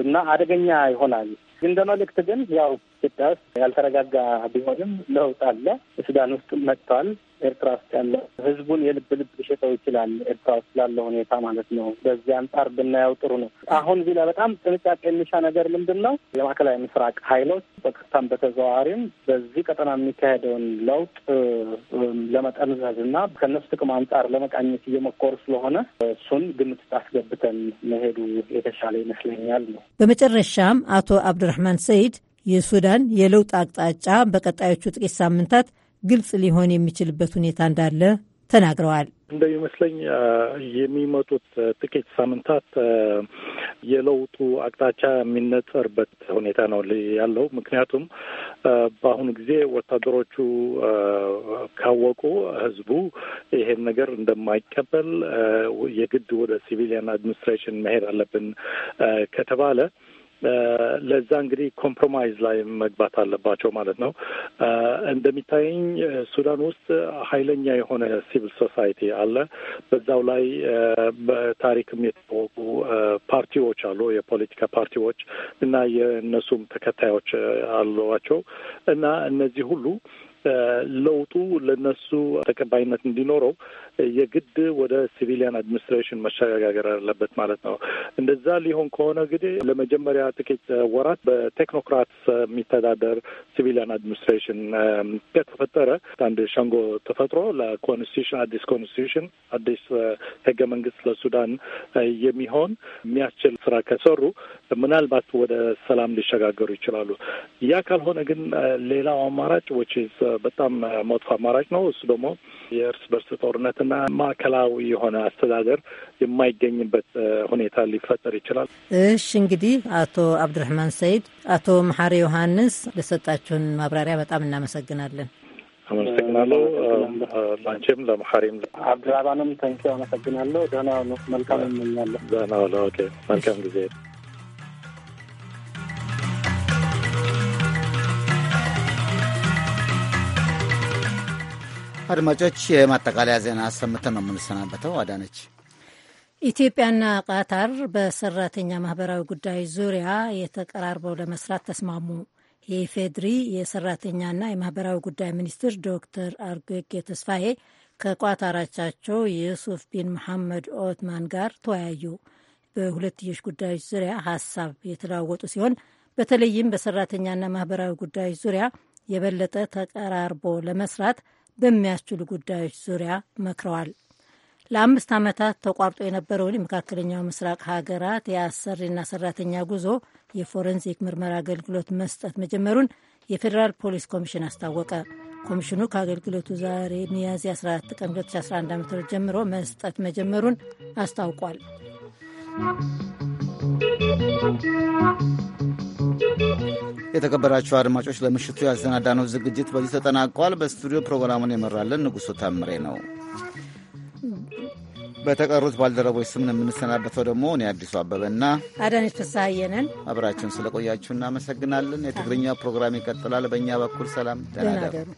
እና አደገኛ ይሆናል። እንደ መልእክት ግን ያው ኢትዮጵያ ውስጥ ያልተረጋጋ ቢሆንም ለውጥ አለ። ሱዳን ውስጥ መጥተዋል። ኤርትራ ውስጥ ያለ ህዝቡን የልብ ልብ ሊሸጠው ይችላል። ኤርትራ ውስጥ ላለ ሁኔታ ማለት ነው። በዚህ አንጻር ብናየው ጥሩ ነው። አሁን እዚህ ላይ በጣም ጥንቃቄ የሚሻ ነገር ምንድን ነው? የማዕከላዊ ምስራቅ ኃይሎች በቀጥታም በተዘዋዋሪም በዚህ ቀጠና የሚካሄደውን ለውጥ ለመጠምዘዝ እና ከእነሱ ጥቅም አንጻር ለመቃኘት እየሞከሩ ስለሆነ እሱን ግምት አስገብተን መሄዱ የተሻለ ይመስለኛል ነው። በመጨረሻም አቶ አብዱራህማን ሰይድ የሱዳን የለውጥ አቅጣጫ በቀጣዮቹ ጥቂት ሳምንታት ግልጽ ሊሆን የሚችልበት ሁኔታ እንዳለ ተናግረዋል። እንደ ይመስለኝ የሚመጡት ጥቂት ሳምንታት የለውጡ አቅጣጫ የሚነጠርበት ሁኔታ ነው ያለው። ምክንያቱም በአሁኑ ጊዜ ወታደሮቹ ካወቁ ህዝቡ ይሄን ነገር እንደማይቀበል የግድ ወደ ሲቪሊያን አድሚኒስትሬሽን መሄድ አለብን ከተባለ ለዛ እንግዲህ ኮምፕሮማይዝ ላይ መግባት አለባቸው ማለት ነው። እንደሚታየኝ ሱዳን ውስጥ ኃይለኛ የሆነ ሲቪል ሶሳይቲ አለ። በዛው ላይ በታሪክም የተወቁ ፓርቲዎች አሉ፣ የፖለቲካ ፓርቲዎች እና የእነሱም ተከታዮች አሏቸው እና እነዚህ ሁሉ ለውጡ ለነሱ ተቀባይነት እንዲኖረው የግድ ወደ ሲቪሊያን አድሚኒስትሬሽን መሸጋገር አለበት ማለት ነው። እንደዛ ሊሆን ከሆነ እንግዲህ ለመጀመሪያ ጥቂት ወራት በቴክኖክራትስ የሚተዳደር ሲቪሊያን አድሚኒስትሬሽን ከተፈጠረ አንድ ሸንጎ ተፈጥሮ ለኮንስቲቱሽን አዲስ ኮንስቲቱሽን አዲስ ህገ መንግስት ለሱዳን የሚሆን የሚያስችል ስራ ከሰሩ ምናልባት ወደ ሰላም ሊሸጋገሩ ይችላሉ። ያ ካልሆነ ግን ሌላው አማራጭ ዊች ኢዝ በጣም ሞት አማራጭ ነው። እሱ ደግሞ የእርስ በርስ ጦርነትና ማዕከላዊ የሆነ አስተዳደር የማይገኝበት ሁኔታ ሊፈጠር ይችላል። እሽ እንግዲህ አቶ አብዱራህማን ሰይድ፣ አቶ መሐሪ ዮሐንስ ለሰጣችሁን ማብራሪያ በጣም እናመሰግናለን። አመሰግናለሁ። ላንቺም ለመሐሪም አብዱራባንም ተንኪ አመሰግናለሁ። ደህና መልካም እመኛለሁ። ደህና መልካም ጊዜ አድማጮች የማጠቃለያ ዜና አሰምተን ነው የምንሰናበተው። አዳነች። ኢትዮጵያና ቃታር በሰራተኛ ማህበራዊ ጉዳዮች ዙሪያ የተቀራርበው ለመስራት ተስማሙ። የኢፌድሪ የሰራተኛና የማህበራዊ ጉዳይ ሚኒስትር ዶክተር አርጎጌ ተስፋዬ ከቋታራቻቸው የሱፍ ቢን መሐመድ ኦትማን ጋር ተወያዩ። በሁለትዮሽ ጉዳዮች ዙሪያ ሀሳብ የተለዋወጡ ሲሆን በተለይም በሰራተኛና ማህበራዊ ጉዳዮች ዙሪያ የበለጠ ተቀራርቦ ለመስራት በሚያስችሉ ጉዳዮች ዙሪያ መክረዋል። ለአምስት ዓመታት ተቋርጦ የነበረውን የመካከለኛው ምስራቅ ሀገራት የአሰሪና ሰራተኛ ጉዞ የፎረንዚክ ምርመራ አገልግሎት መስጠት መጀመሩን የፌዴራል ፖሊስ ኮሚሽን አስታወቀ። ኮሚሽኑ ከአገልግሎቱ ዛሬ ሚያዝያ 14 ቀን 2011 ዓ ም ጀምሮ መስጠት መጀመሩን አስታውቋል። የተከበራችሁ አድማጮች ለምሽቱ ያሰናዳነው ዝግጅት በዚህ ተጠናቋል። በስቱዲዮ ፕሮግራሙን የመራለን ንጉሡ ታምሬ ነው። በተቀሩት ባልደረቦች ስም የምንሰናበተው ደግሞ እኔ አዲሱ አበበና አዳነች ፍስሐየነን አብራችሁን ስለቆያችሁ እናመሰግናለን። የትግርኛ ፕሮግራም ይቀጥላል። በእኛ በኩል ሰላም ደናደሩ